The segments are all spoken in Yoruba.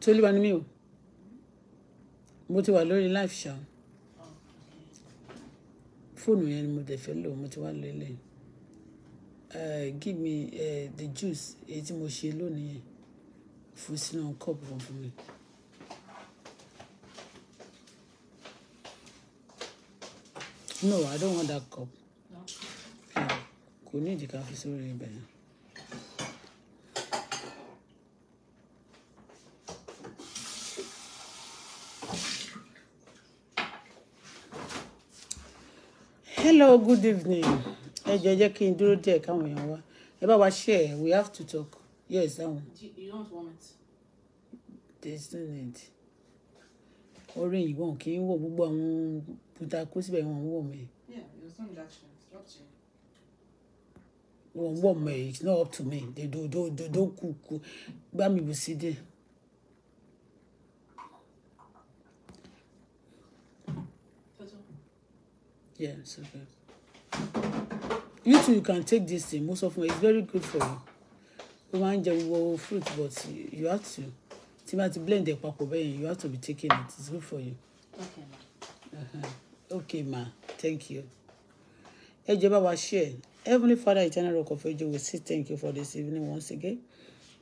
Tolúwa ni mí o mo ti wà lórí life ṣá fóònù yẹn ni mo dẹ̀ fẹ́ lò mo ti wà lélẹ̀ eh, give me uh, the juice èyí tí mo ṣe lónìí yẹn fún sínú kọ́ọ̀pù kan fún mi. No, I don't want that cup. Hmm, kò ní ìdí ká fi sórí ibẹ̀ yẹn. hello good evening ẹ jẹ́ jẹ́ kí n dúró díẹ̀ káwọn èèyàn wá ẹ bá wa share we have to talk yes àwọn. you don't want it. there's no need. orí ìwọ̀n kì í wọ gbogbo àwọn puta kó síbẹ̀ wọn wọ̀ mí. yeah your son daction up to you wọn wọ it's not up to me they do do do do kú kú gbá mi bù sí dé. Yeah, it's okay you too you can take this thing Most of them ẹ it's very good for you ó máa ń jẹ fruit but you have to tí bá ti blend ẹ papọ̀ bẹ́ẹ̀ you have to be taking it it's good for you. okay ma. Uh-huh. okay ma thank you. ẹ jẹ́ bá share Heavenly Father eternal rock of ages we say thank you for this evening once again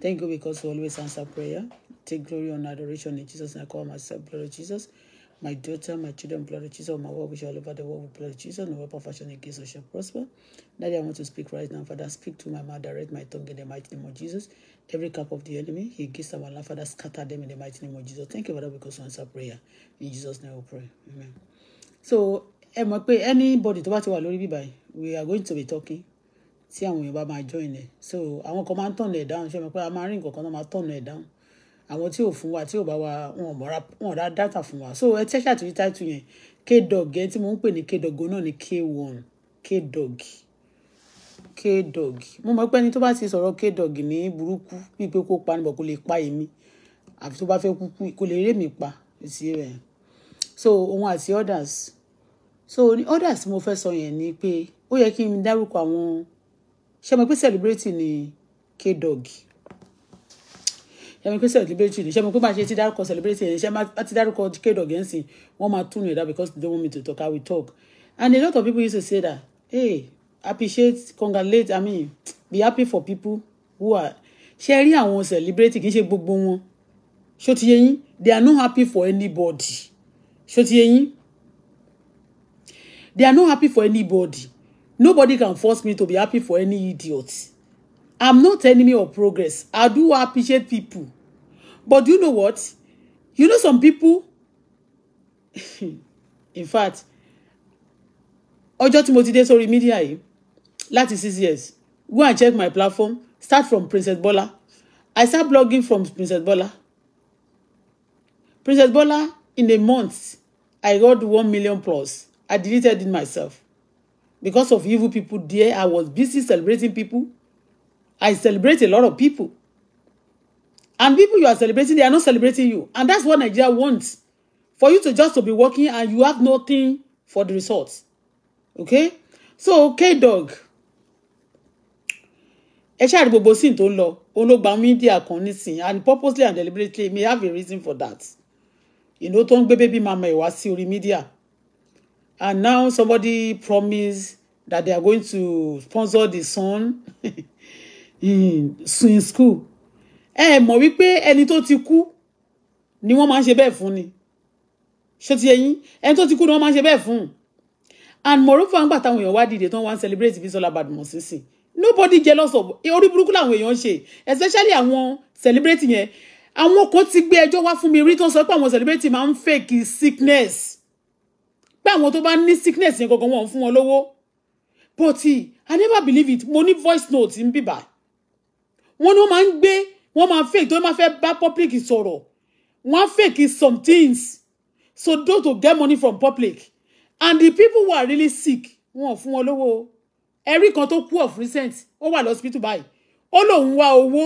thank you because you always answer prayer take glory and adoration in Jesus name I call myself glory Jesus my daughter, my children, blood of Jesus, my work which all over the world with blood of Jesus, no weapon fashion against us shall prosper. Daddy, I want to speak right now, Father. Speak to my mouth, direct my tongue in the mighty name of Jesus. Every cup of the enemy, he gives our life, Father, scatter them in the mighty name of Jesus. Thank you, Father, because we answer prayer. In Jesus' name we pray. Amen. So, anybody to what you are lórí bíbá we are going to be talking See, I'm going to máa join ẹ̀ so àwọn kan máa ń tọ̀nà ẹ̀ dáhùn ṣé mo pé a máa rí nǹkan kan náà máa tọ̀nà ẹ̀ àwọn tí ò fún wa tí ò bá wa wọn mọ̀ra wọn ra data fún wa so ẹ tẹ́ ṣàtúnyí táìtù yẹn kdog ẹ tí mo ń pè ní kdog náà ní k1 kdog kdog mo mọ̀ pé ẹni tó bá ti sọ̀rọ̀ kdog ní burúkú bíi pé kó pa níbọ̀ kó lè pa èmi àfi tó bá fẹ́ kúkú kó lè rèmi pa sí rẹ̀ so òun àti others so ní others mo fẹ́ sọ yẹn ni pé ó yẹ kí n dárúkọ àwọn ṣe mọ̀ pé celebrity ni kdog ṣe mi pé celebrate ni ṣe mi pé máa ṣe ti dárúkọ celebrate yẹn ṣe máa ti dárúkọ kéde ọ̀gẹ́nsìn wọ́n máa tún ìdá because they want me to talk I will talk and a lot of people used to say that hey appreciate congratulate I mean be happy for people who are ṣe rí àwọn celebrate kì í ṣe gbogbo wọn ṣó ti yé yín they are not happy for anybody ṣó ti yé yín they are not happy for anybody nobody can force me to be happy for any idiot. I'm not enemy of progress. I do appreciate people. But do you know what? You know some people, in fact, ọjọ́ tí mo ti dé That is yìí láti six years go and check my platform start from Princess Bola I start blogging from Princess Bola Princess Bola in a month I got one million plus I deleted it myself because of evil people there I was busy celebrating people I celebrate a lot of people. And people you are celebrating, they are not celebrating you. And that's what Nigeria wants. For you to just to be working and you have nothing for the results. Okay? So, K-Dog. Ẹ ṣáà rí gbogbo sí ní tó ń lọ, and purposely and deliberately may have a reason for that. You know, ń baby mama ẹ̀ wá sí orí And now somebody promised that they are going to sponsor the son. swing school ẹ mọ̀ wípé ẹni tó ti kú ni wọ́n máa ń ṣe bẹ́ẹ̀ fún ni ṣé ti yẹyin ẹni tó ti kú ni wọ́n máa ń ṣe bẹ́ẹ̀ fún and moreover ńgbà táwọn èèyàn wá dìde tán wá ń celebrate Bísọ́lá Badmus sísìn nobody jealous of orí burúkú làwọn èèyàn ń ṣe especially àwọn celebrate yẹn àwọn kan ti gbé ẹjọ́ wá fún mi rí tó ń sọ pé àwọn celebrate. máa ń fake sickness pé àwọn tó bá ní sickness yẹn gangan wọn fún wọn lówó but i never believe it mo ní voice note ń bìbà wọ́n ní wọ́n máa ń gbé wọ́n máa fake tí wọ́n máa fẹ́ bá public sọ̀rọ̀ wọ́n á fake some things so those to get money from public and the people who are really sick wọn ò fún wọn lówó ẹ̀rí kan tó kú of recent ó wà lọ́sibítù báyìí ó lóun wá owó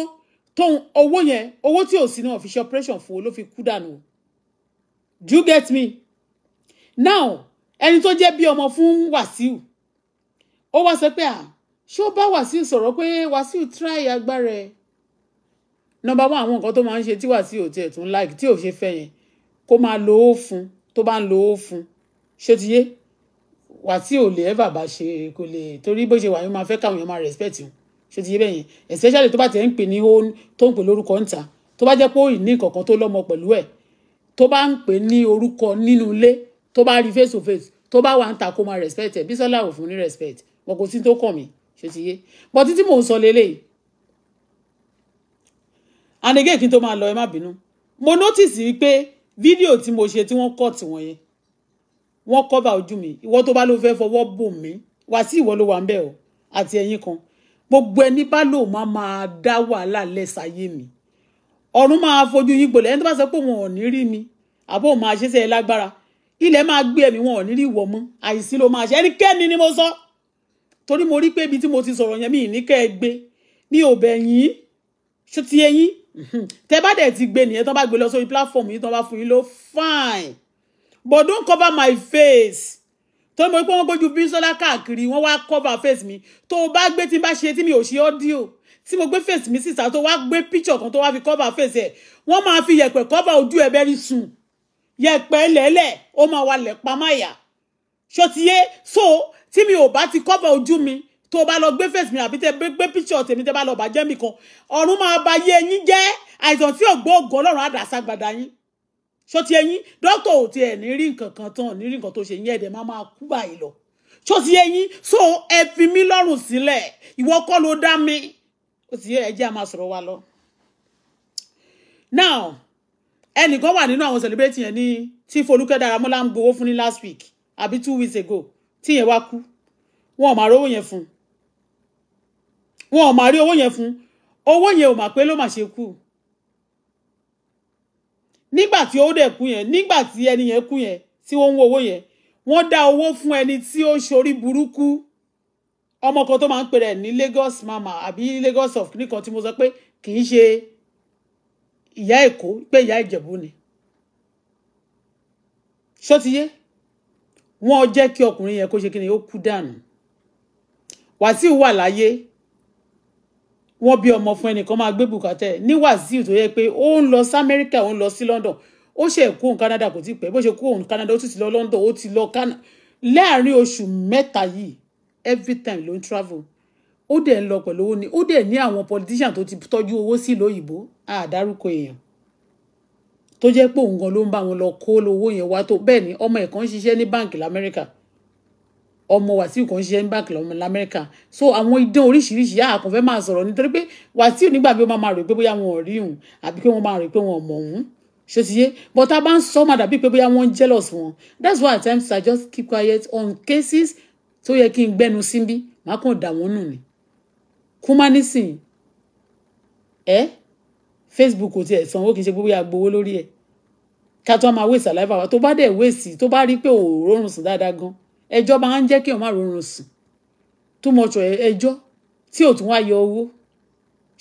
tóun owó yẹn owó tí ò sí náà fi ṣe operation fún un ló fi kú dànù do you get me now ẹni tó jẹ́ bí ọmọ fún Wàsíù ó wá sọ pé ah ṣó bá wàsíù sọ̀rọ̀ pé wàsíù try agbára ẹ̀ nọmba wọn àwọn nǹkan tó máa ń ṣe tí wàsíù ò tiẹ̀ tún like tí ò ṣe fẹ́ yẹn kó máa lo ó fún tó bá ń lo ó fún ṣé ti yé wàsíù ò lè ẹ́fà bá ṣe kò lè torí bó ṣe wà yín máa fẹ́ káwọn èèyàn máa respect wọn ṣé ti yé bẹ́ẹ̀ yẹn especially tó bá tẹ̀ ń pè ní tó ń pè lórúkọ ń ta tó bá jẹ́ pé ó ì ní kankan tó lọ́mọ pẹ̀lú ẹ̀ tó bá ń pè ní orúkọ nínú ilé tó bá rí face to face tó bá wà ń ta kó máa respect ẹ̀ Bísọ́lá ò fún ní respect wọn kò sí tó kàn mí ṣe ti yé but títí mò ń sọ lélẹ́yìí and again kí n tó máa lọ ẹ má bínú mo notice wípé fídíò tí mo ṣe tí wọ́n cut wọ́n yẹn wọ́n cover ojú mi ìwọ tó bá ló fẹ́ fọwọ́ bò mí wá sí ìwọ ló wà ń bẹ̀ o àti ẹ̀yin kan gbogbo ẹni bá lò má máa dá wàhálà lẹ́sàáyé mi ọ̀run máa fojú yín gbolẹ̀ ẹni tó bá sọ pé wọn ò ní rí mi àbó máa ṣe é sẹ́yẹ lágbára ilẹ̀ máa gbé ẹ̀mí wọn ò ní rí ìwọ mọ́ àìsí ló máa ṣe ẹnikẹ́ni ni mo sọ. So torí mo rí pé ibi tí mo ti sọ̀rọ̀ yẹn mi ní kẹ́ ẹ gbé ní òbẹ yín ṣó ti yé yín tẹ bá dẹ̀ ti gbé nìyẹn tán bá gbé lọ sórí platform yìí tán bá fún yín ló fine but don't cover my face torí mo rí pé wọ́n gbójú bísọ́lá káàkiri wọ́n wá cover face mi tó o bá gbé tí n bá ṣe tí mi ò ṣe ọ́díò tí mo gbé face mi síta tó wá gbé picture kan tó wá fi cover face ẹ̀ wọ́n máa fi yẹ̀pẹ̀ cover ojú ẹ̀ bẹ́rí sùn yẹ̀pẹ̀ lẹ́lẹ̀ ó máa wà lẹ̀ pamáyà ṣó ti yé so tí mi ò bá ti cover ojú mi tó bá lọ gbé face mi àbí tẹ gbé picture tèmi tẹ bá lọ bàjẹ́ mi kan ọ̀run máa ba yé yín jẹ́ àìsàn tí ògbó ògùn ọlọ́run àdàsá gbàdá yín ṣó ti yé yín dókítà ò tiẹ̀ ní rí nǹkan kan tán ní rí nǹkan tó ṣe yín ẹ̀dẹ̀ máa máa kú báyìí lọ ṣó ti yé so e fi mí lọ́rùn sílẹ̀ ìwọ kọ́ ló dá mi ó ti yé ẹ jẹ́ a máa sọ̀rọ̀ wa lọ. now ẹnìkan wà nínú àwọn celebrate yẹn ní tí Folúkẹ́ Dáramọ́lá ń gbowó fún ní last week àbí two weeks ago tíyẹn wá kú wọn ò máa rówó yẹn fún wọn ò máa rí owó yẹn fún owó yẹn ò mà pé ló mà ṣe kú nígbà tí ó dẹ̀ kú yẹn nígbà tí ẹni yẹn kú yẹn tí wọ́n ń wo owó yẹn wọ́n dá owó fún ẹni tí ó ṣorí burúkú ọmọ kan tó máa ń pè ní Lagos mama àbí Lagos of nìkan tí mo sọ pé kì í ṣe ìyá Èkó pé ìyá Ìjẹ̀bú ni ṣó ti wọ́n jẹ́ kí ọkùnrin yẹn kó ṣe kí ni ó kú dànù wàsíù wà láyé wọ́n bí ọmọ fún ẹnìkan máa gbé bùkátẹ ní wàsíù tó yẹ pé ó ń lọ sí amẹ́ríkà ó ń lọ sí london ó ṣe kú òun canada kò tí pẹ́ bó ṣe kú òun canada ó sì ti lọ london ó ti lọ canada láàrin oṣù mẹ́ta yìí every time ló ń travel ó dẹ̀ ń lọ pẹ̀lú owó ni ó dẹ̀ ní àwọn politician tó ti tọ́jú owó sí ìlú òyìnbó àdárúkọ èèyàn tó jẹ́ pé òun gan ló ń bá wọn lọ kó lówó yẹn wá tó bẹ́ẹ̀ ni ọmọ ẹ̀ kan ń ṣiṣẹ́ ní báǹkì lamẹ́ríkà ọmọ wàsíù kan ń ṣiṣẹ́ ní báǹkì lamẹ́ríkà so àwọn idán oríṣiríṣi yá àkànfẹ́ máa sọ̀rọ̀ nítorí pé wàsíù nígbà bí wọ́n máa rò pé bóyá wọn ò rí òun àbí pé wọ́n máa rò pé wọn ò mọ̀ òun ṣe ti yé but a bá ń sọ máa dàbí pé bóyá wọ́n ń jealous wọn that's why at times I just keep quiet on cases tó yẹ kí n gbẹnu síbí màá kàn dà wọ́n nù ni kúmá nísìnyí ẹ́ eh? Facebook ò tiẹ̀ sanwó kì í ṣe gbogbo àgbowó lórí ẹ̀ ká tó máa wéèsì àláìfà wa tó bá dẹ̀ wéèsì tó bá rí pé ò rórun sùn dáadáa gan ẹjọ́ máa ń jẹ́ kí òun rórun sùn too much ẹjọ́ tí ò tún wá yọ owó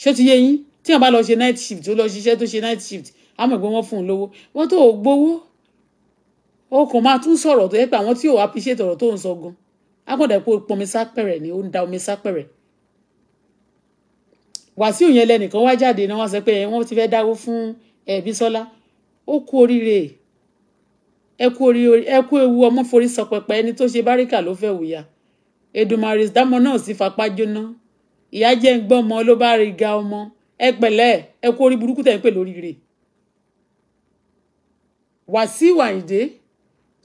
ṣé ti yé yín tí wọn bá lọ ṣe night shift ó lọ ṣiṣẹ́ tó ṣe night shift á mọ̀ pé wọ́n fún un lówó wọ́n tó gbowó ó kàn máa tún sọ̀rọ̀ tó yẹ pé àwọn tí ò appreciate ọ̀rọ̀ tó ń sọ gan á pé omi sápẹ̀rẹ̀ ni ó ń da omi sápẹ̀rẹ̀ wàsíù yẹn lẹ́nìkan wá jáde náà wọ́n sọ pé wọ́n ti fẹ́ dáwó fún ẹ̀bí sọ́lá ó kú oríire ẹ kú oríire ẹ kú ewu ọmọ forí sọ pẹpẹ ẹni tó ṣe báríkà ló fẹ́ wùyà Èdùmàrè dámọ náà sì fapá jóná ìyá jẹ́ ń gbọ́ ọmọ ló bá rí ga ọmọ ẹ pẹ̀lẹ́ ẹ kú orí burúkú tẹ̀ ń pè lóríire wàsíù àyìndé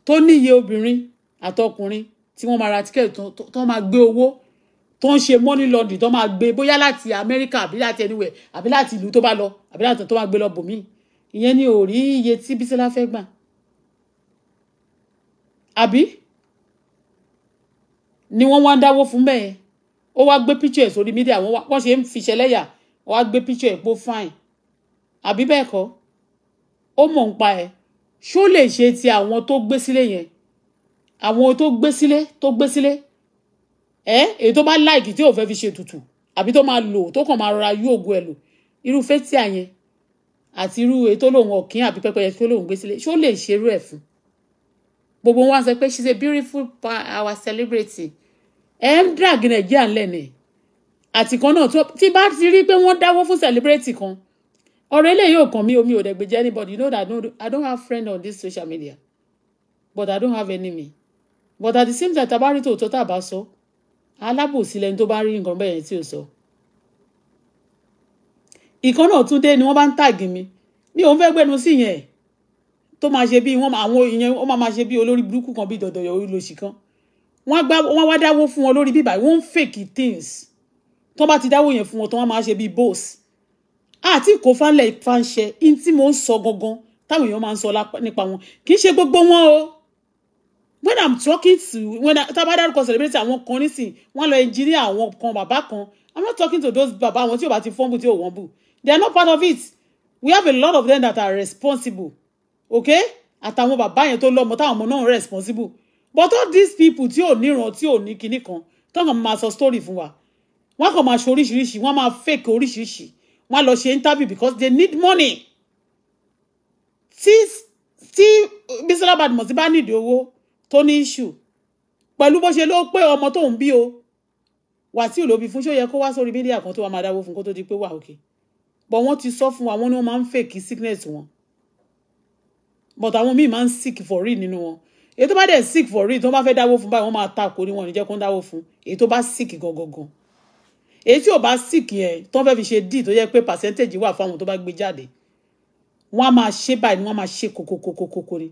tó níye obìnrin àtọkùnrin tí wọ́n máa ra tíkẹ́ẹ̀tì tó máa gbé owó tó ń ṣe money laundry tó máa gbé bóyá láti Amẹ́ríkà àbí láti anywhere àbí láti ìlú tó bá lọ àbí láti tó máa gbé lọ bòmíì ìyẹn ni ò rí iye tí Bísọ́lá fẹ́ gbà àbí ni wọ́n wá ń dáwó fún bẹ́ẹ̀ ó wá gbé píchọ̀ ẹ̀ sórí mídíà wọ́n ṣe ń fiṣẹ́ lẹ́yà ó wá gbé píchọ̀ ẹ̀ pó fáìn àbí bẹ́ẹ̀ kọ́ ó mọ̀ ń pa ẹ̀ ṣó lè ṣe ti àwọn tó gbé sílé yẹn àwọn tó gbé sílé tó gbé sílé Eh? èyí tó bá láìkì tí ò fẹ́ fi ṣe tutù àbí tó máa lò tó kàn máa rọra yí ògùn ẹ̀ lò irú fétíà yẹn àti irú èyí tó lòun ọ̀kín àbí pẹ́pẹ́yẹ tó lòun gbé sílẹ̀ ṣó lè ṣerú ẹ̀ fún gbogbo wọn sọ pé she's a beautiful our celebrity ẹ ń drag nàìjíríà lẹ́nu ẹ̀ àti kan náà tí bá ti rí pé wọ́n dáwọ́ fún celebrity kan ọ̀rọ̀ eléyìí ò kàn mí omi ò dẹ̀ gbèjẹ́ anybody you know that I don't, I don't have friend on this social media but I don't have enemy but at the same time tabari tòótọ́ tàbá sọ alábòsí lẹni tó bá rí nǹkan bẹ́ẹ̀ yẹn tí ò sọ ìkan náà tún dé ni wọ́n bá ń tàgì mi mi ò ń fẹ́ gbẹnu sí yẹn tó máa ṣe bí wọ́n àwọn ìyẹn wọ́n máa ṣe bí olórí burúkú kan bí dọ̀dọ̀ yọrí lòsì kan wọ́n gbá wọ́n wá dáwó fún wọn lórí bíbá wọ́n ń fake things tó bá ti dáwó yẹn fún wọn tó wọ́n máa ṣe bí boss àti kò fánlẹ̀ ìfànṣẹ in tí mo ń sọ gangan táwọn èèyàn máa ń sọ nípa wọn kì í ṣe gbogbo wọn o when i'm talking to when tábà dárúkọ celebrity àwọn kan nísìn wọn lọ engineer àwọn kan bàbá kan i'm not talking to those bàbá àwọn tí ò bá ti fọ́nbù tí ò wọ́n bù they are not part of it we have a lot of them that are responsible okay àtàwọn bàbá yẹn tó lọ́mọ táwọn ọmọ náà responsible but all these people tí ò níran tí ò ní kinní kan tọ́kàn máa sọ story fún wa wọ́n kàn máa ṣe oríṣiríṣi wọ́n máa fake oríṣiríṣi wọ́n á lọ ṣe interview because they need money tí tí Bisola Badmus bá nídìí owó tó ní issue pẹ̀lú bó ṣe ló pé ọmọ tó ń bí o Wàsíù ló bí fún ṣó yẹ kó wá sórí mídíà kan tó wà máa dáwó fún kó tó di pé wà òkè but wọ́n ti sọ fún wa wọ́n ní wọ́n máa ń fèkì sickness wọn but àwọn míì máa ń sick for real nínú wọn èyí tó bá dẹ̀ sick for real tó bá fẹ́ dáwó fún báyìí wọ́n máa takò ní wọn ní jẹ́ kó ń dáwó fún èyí tó bá sick gangan èyí tí ò bá sick yẹn tó ń fẹ́ fi ṣe díì tó yẹ pé percentage wà fáwọn tó bá gbé jáde wọ́n á máa ṣe báyìí wọ́n á máa ṣe kòkòkòkòkò ni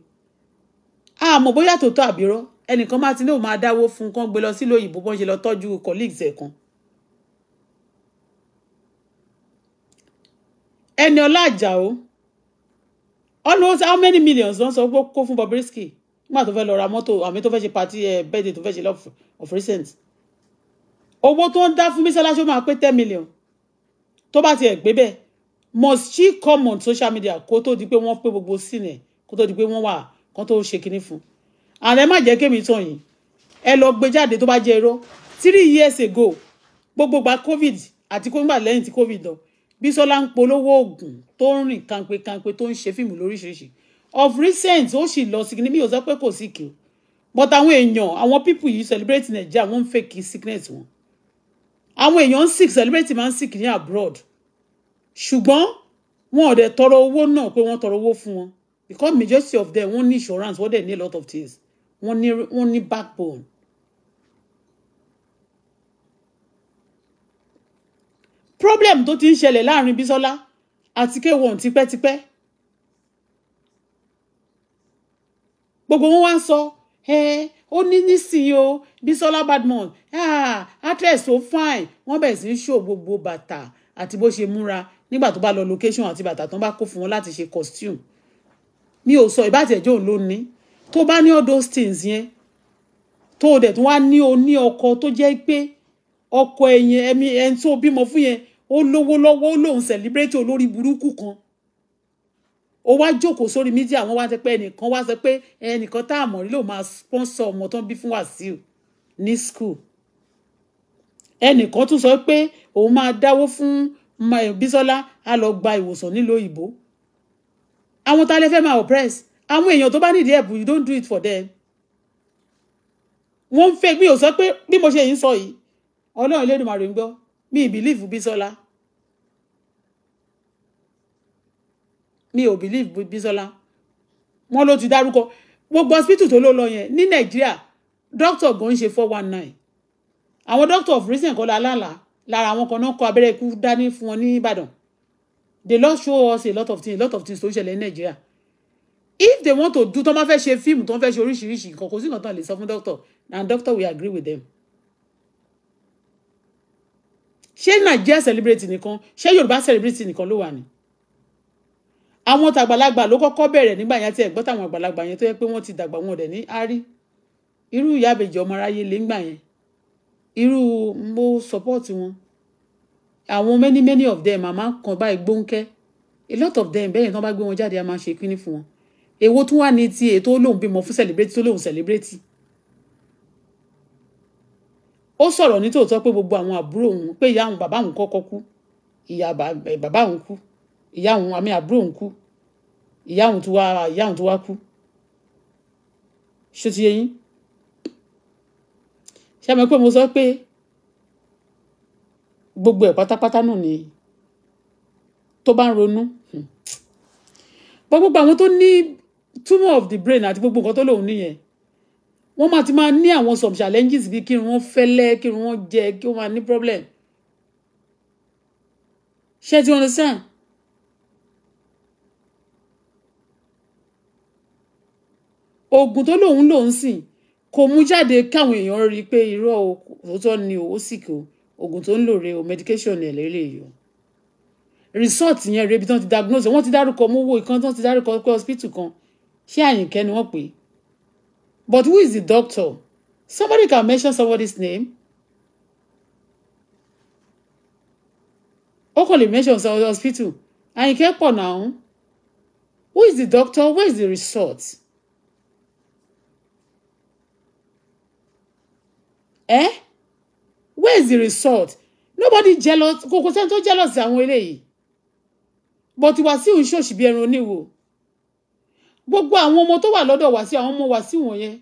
àmọ́ bóyá tòótọ́ àbírọ́ ẹnìkan máa ti ní òun máa dáwó fún un kán gbé lọ sílùú òyìnbó bọ́n ṣe lọ tọ́jú colleagues ẹ̀ kan ẹni ọlá àjàó almost how many millions ló ń sọ pé kó fún Bobrisky nígbà tó fẹ́ lọ ra mọ́tò àmì tó fẹ́ ṣe party ẹ̀ eh, birthday tó fẹ́ ṣe love of recent owó tó ń dá fún mísálásí ó máa pé ten million tó bá tiẹ̀ gbé bẹ́ẹ̀ must she come on social media kó tó di pé wọ́n pé gbogbo sínú ẹ̀ kó tó di pé wọ́n wà kan tó ṣe kinní fún and ẹ má jẹ́ kémi tàn yín ẹ lọ gbé jáde tó bá jẹ́ irọ́ three years ago gbogbo gba covid àti kóńgbà lẹ́yìn tí covid lọ Bísọ́lá ń polówó oògùn tó ń rìn kanpe kanpe tó ń ṣe fíìmù lóríṣiríṣi of recent ó sì lọ sí mi ò sọ pé kò sí but àwọn èèyàn àwọn people yìí celebrate Nigeria wọ́n ń fake sickness wọn àwọn èèyàn sick celebrate man sick ní abroad ṣùgbọ́n wọn ò dẹ̀ tọrọ owó náà pé wọ́n tọrọ owó fún wọn because majority of them wọ́n ní insurance what they need a lot of things wọ́n ní wọ́n ní backbone. problem tó ti ń Ati ke Bísọ́lá àti pe ti pe. gbogbo wọn wá ń sọ ó ní nísìnyí o Bísọ́lá Ah, address so fine wọ́n bẹ̀rẹ̀ sí í ṣó gbogbo bàtà àti bó ṣe múra nígbà tó bá lọ location ati bàtà tó bá kó fún wọn láti ṣe costume mi ò sọ ìbátẹ̀jẹ́ òun ló ní tó bá ní all those things yẹn tó o dẹ̀ tó wá ní o ní ọkọ tó jẹ́ pé ọkọ ẹ̀yìn ẹ̀mí ẹni tó bímọ fún yẹn ó lówó lọ́wọ́ ó lóun celebrate olórí burúkú kan ó wá jókòó sórí mídíà wọn wá sọ pé ẹnìkan wá sọ pé ẹnìkan tá a mọ̀ rí ló máa sponsor ọmọ tó ń bí fún Wàsíù ní school ẹnìkan tún sọ pé òun máa dáwó fún Bísọ́lá á lọ gba ìwòsàn nílùú òyìnbó àwọn tá a lè fẹ́ máa oppress àwọn èèyàn tó bá nídìí ẹ̀bùn you don't do it for them wọ́n ń fẹ́ mi ò sọ pé bí mo ṣe yìí ń sọ yìí ọlọ́run lẹ́dùnmarè ń gbọ́ mi ì bìlíìfù Bísọ́lá mi ò bìlíìfù Bísọ́lá wọ́n ló ti dárúkọ gbogbo hospital tó ló lọ yẹn ní Nàìjíríà doctor gan ń ṣe four one nine àwọn doctor of recent kọ́ la lálàá lára àwọn kan náà kọ abẹ́rẹ́ ikú dání fún wọn ní Ìbàdàn the Lord show us a lot of things a lot of things to ń ṣẹlẹ̀ ní Nàìjíríà if they want to do tó máa fẹ́ ṣe fíìmù tó ń fẹ́ ṣe oríṣiríṣi nǹkan kò sí nǹkan tó lè sọ fún doctor and doctor will agree with them. ṣé Nàìjíríà celebrate nìkan ṣé Yorùbá celebrate nìkan ló wà ní. àwọn tàgbàlagbà ló kọ́kọ́ bẹ̀rẹ̀ nígbà yẹn tí ẹ̀ gbọ́ táwọn àgbàlagbà yẹn tó yẹ pé wọ́n ti dàgbà wọn ọ̀dẹ̀ ní árí irú ìyá àbèjì ọmọ aráyé lè ń gbà yẹn irú mo support wọn àwọn many many of them àmà kan báyìí gbóńkẹ́ a lot of them bẹ́ẹ̀ ni wọ́n bá gbé wọn jáde a máa ṣe kíní fún wọn èwo tún wà ní ti ètò olóhùn bímọ fún celebrate tó lóhùn celebrate ó sọ̀rọ̀ nítòótọ́ pé gbogbo àwọn àbúrò òun pé ìyá òun bàbá òun kọ́kọ́ kú ìyá eh, bàbá òun kú ìyá òun àmì àbúrò òun kú ìyá òun tó wá ìyá òun tó wá kú ṣé ti yé yín ṣé mo pé mo sọ pé gbogbo ẹ̀ pátápátá náà ni tó bá ń ronú hmm. gbogbo àwọn tó ní tumor of the brain àti gbogbo nǹkan tó lòun nìyẹn wọ́n máa ti máa ní àwọn some challenges bíi kí wọ́n fẹ́lẹ́ kí wọ́n jẹ kí wọ́n máa ní problem ṣé ti understand? oògùn tó lòun lòun sìn kò mú jáde káwọn èèyàn rí i pé irọ́ òótọ́ ni òó sì kò oògùn tó ń lò rè o medication ẹ̀ lélẹ̀ yìí o resort yẹn rèébi tán ti diagnose wọ́n ti dárúkọ mú wo ìkan tán ti dárúkọ pé hospital kan ṣé àyìnkẹ́ ni wọ́n pè é but who is the doctor somebody can mention somebody's name ó kàn lè mention somebody's hospital àyìnkẹ́ pọ̀ náà who is the doctor where is the resort. Eh? where is the result nobody jealous kò kò sẹ́ni tó jealous àwọn eléyìí but Wàsíù ń ṣòṣì bí ẹran oníwo gbogbo àwọn ọmọ tó wà lọ́dọ̀ Wàsíù àwọn ọmọ Wàsíù wọ̀nyẹn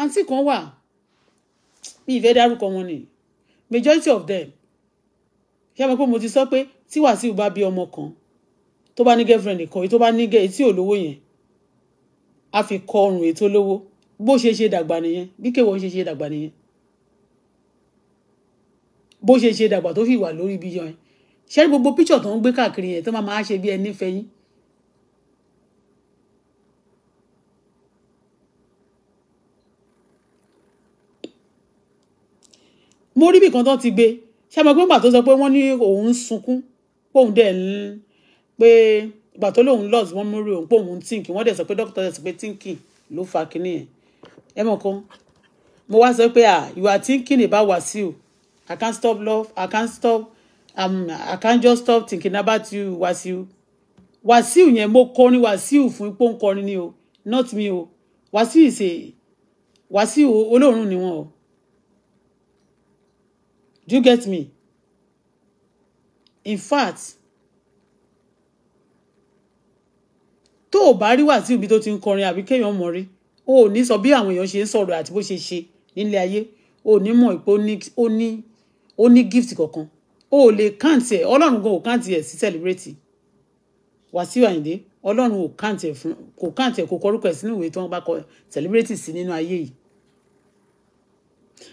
àǹtí kan wà bí ìfẹ́ dárúkọ wọn ni majority of them ṣé mo pé mo ti sọ pé tí Wàsíù bá bí ọmọ kan tó bá ní girlfriend kan èyí tó bá ní gẹ èyí tí ò lówó yẹn á fi kọ ọrùn èyí tó lówó bó ṣe ṣe dàgbà nìyẹn bí kéwọ́n ṣe ṣe bó ṣe ṣe dàgbà tó fi wà lórí ibi yan ṣé gbogbo píṣọ tó ń gbé káàkiri yẹn tó máa máa ṣe bí ẹni fẹ́ yín. mo rí ibìkan tó ti gbé ṣé mo gbé ìgbà tó sọ pé wọ́n ní òun ń sunkún póun dẹ̀ ń pé ìgbà tó lọ́ọ̀sì wọ́n mú rí òun póun ń tíǹkì wọ́n dẹ̀ sọ pé dókítà dẹ̀ sọ pé tíǹkì ló fa kinní yẹn ẹ mọ̀ kan mo wá sọ pé ah you are thinking about Wasiu I can't stop love. I can't stop. Um, I can't just stop thinking about you, you? Wasiu. you? yẹn mo kọrin Wasiu you? If we kọrin ni you, not me o. Wasiu is a Wasiu Ọlọ́run ni wọ́n Do you get me? In fact, tó bari bá you Wasiu bí tó ti ń kọrin àbí Oh, ni sobi o ò ní sọ bí àwọn èèyàn ṣe ń sọ̀rọ̀ àti bó ni. ṣe nílé ayé, o ò ó ní gift kankan o ò lè káǹtì ẹ̀ ọlọ́run gan ò káǹtì ẹ̀ sí celebrate Wàsíù Àyìndé ọlọ́run ò káǹtì ẹ̀ fún kò káǹtì ẹ̀ kò kọrúkọ ẹ̀ sínú ìwé tí wọ́n bá kọ celebrate sí nínú ayé yìí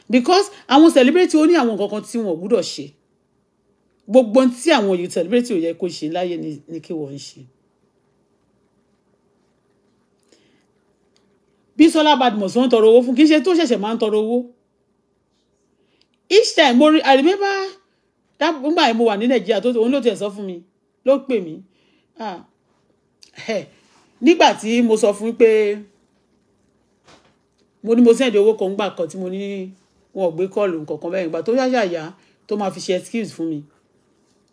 because àwọn celebrate ó ní àwọn nǹkan kan tí wọn ò gbúdọ̀ ṣe gbogbo tí àwọn yìí celebrate ò yẹ kó ṣe láyé ni kí wọ́n ń ṣe. Bísọ́lá Badmus wọ́n tọrọ owó fún kì í ṣe tó ṣẹ̀ṣẹ̀ máa ń tọrọ owó each time mo i remember that nígbà yẹn mo wà ní nàìjíríà tó òun ló tiẹ̀ sọ fún mi ló pè mí ah, eh, nígbà tí mo sọ fún pé mo ní mo sẹ́ndì owó kan gbà kan tí mo ní wọn ò gbé kọ́ọ̀lù nǹkankan bẹ́ẹ̀ nígbà tó yáyàyà tó máa fi ṣe excuse fún mi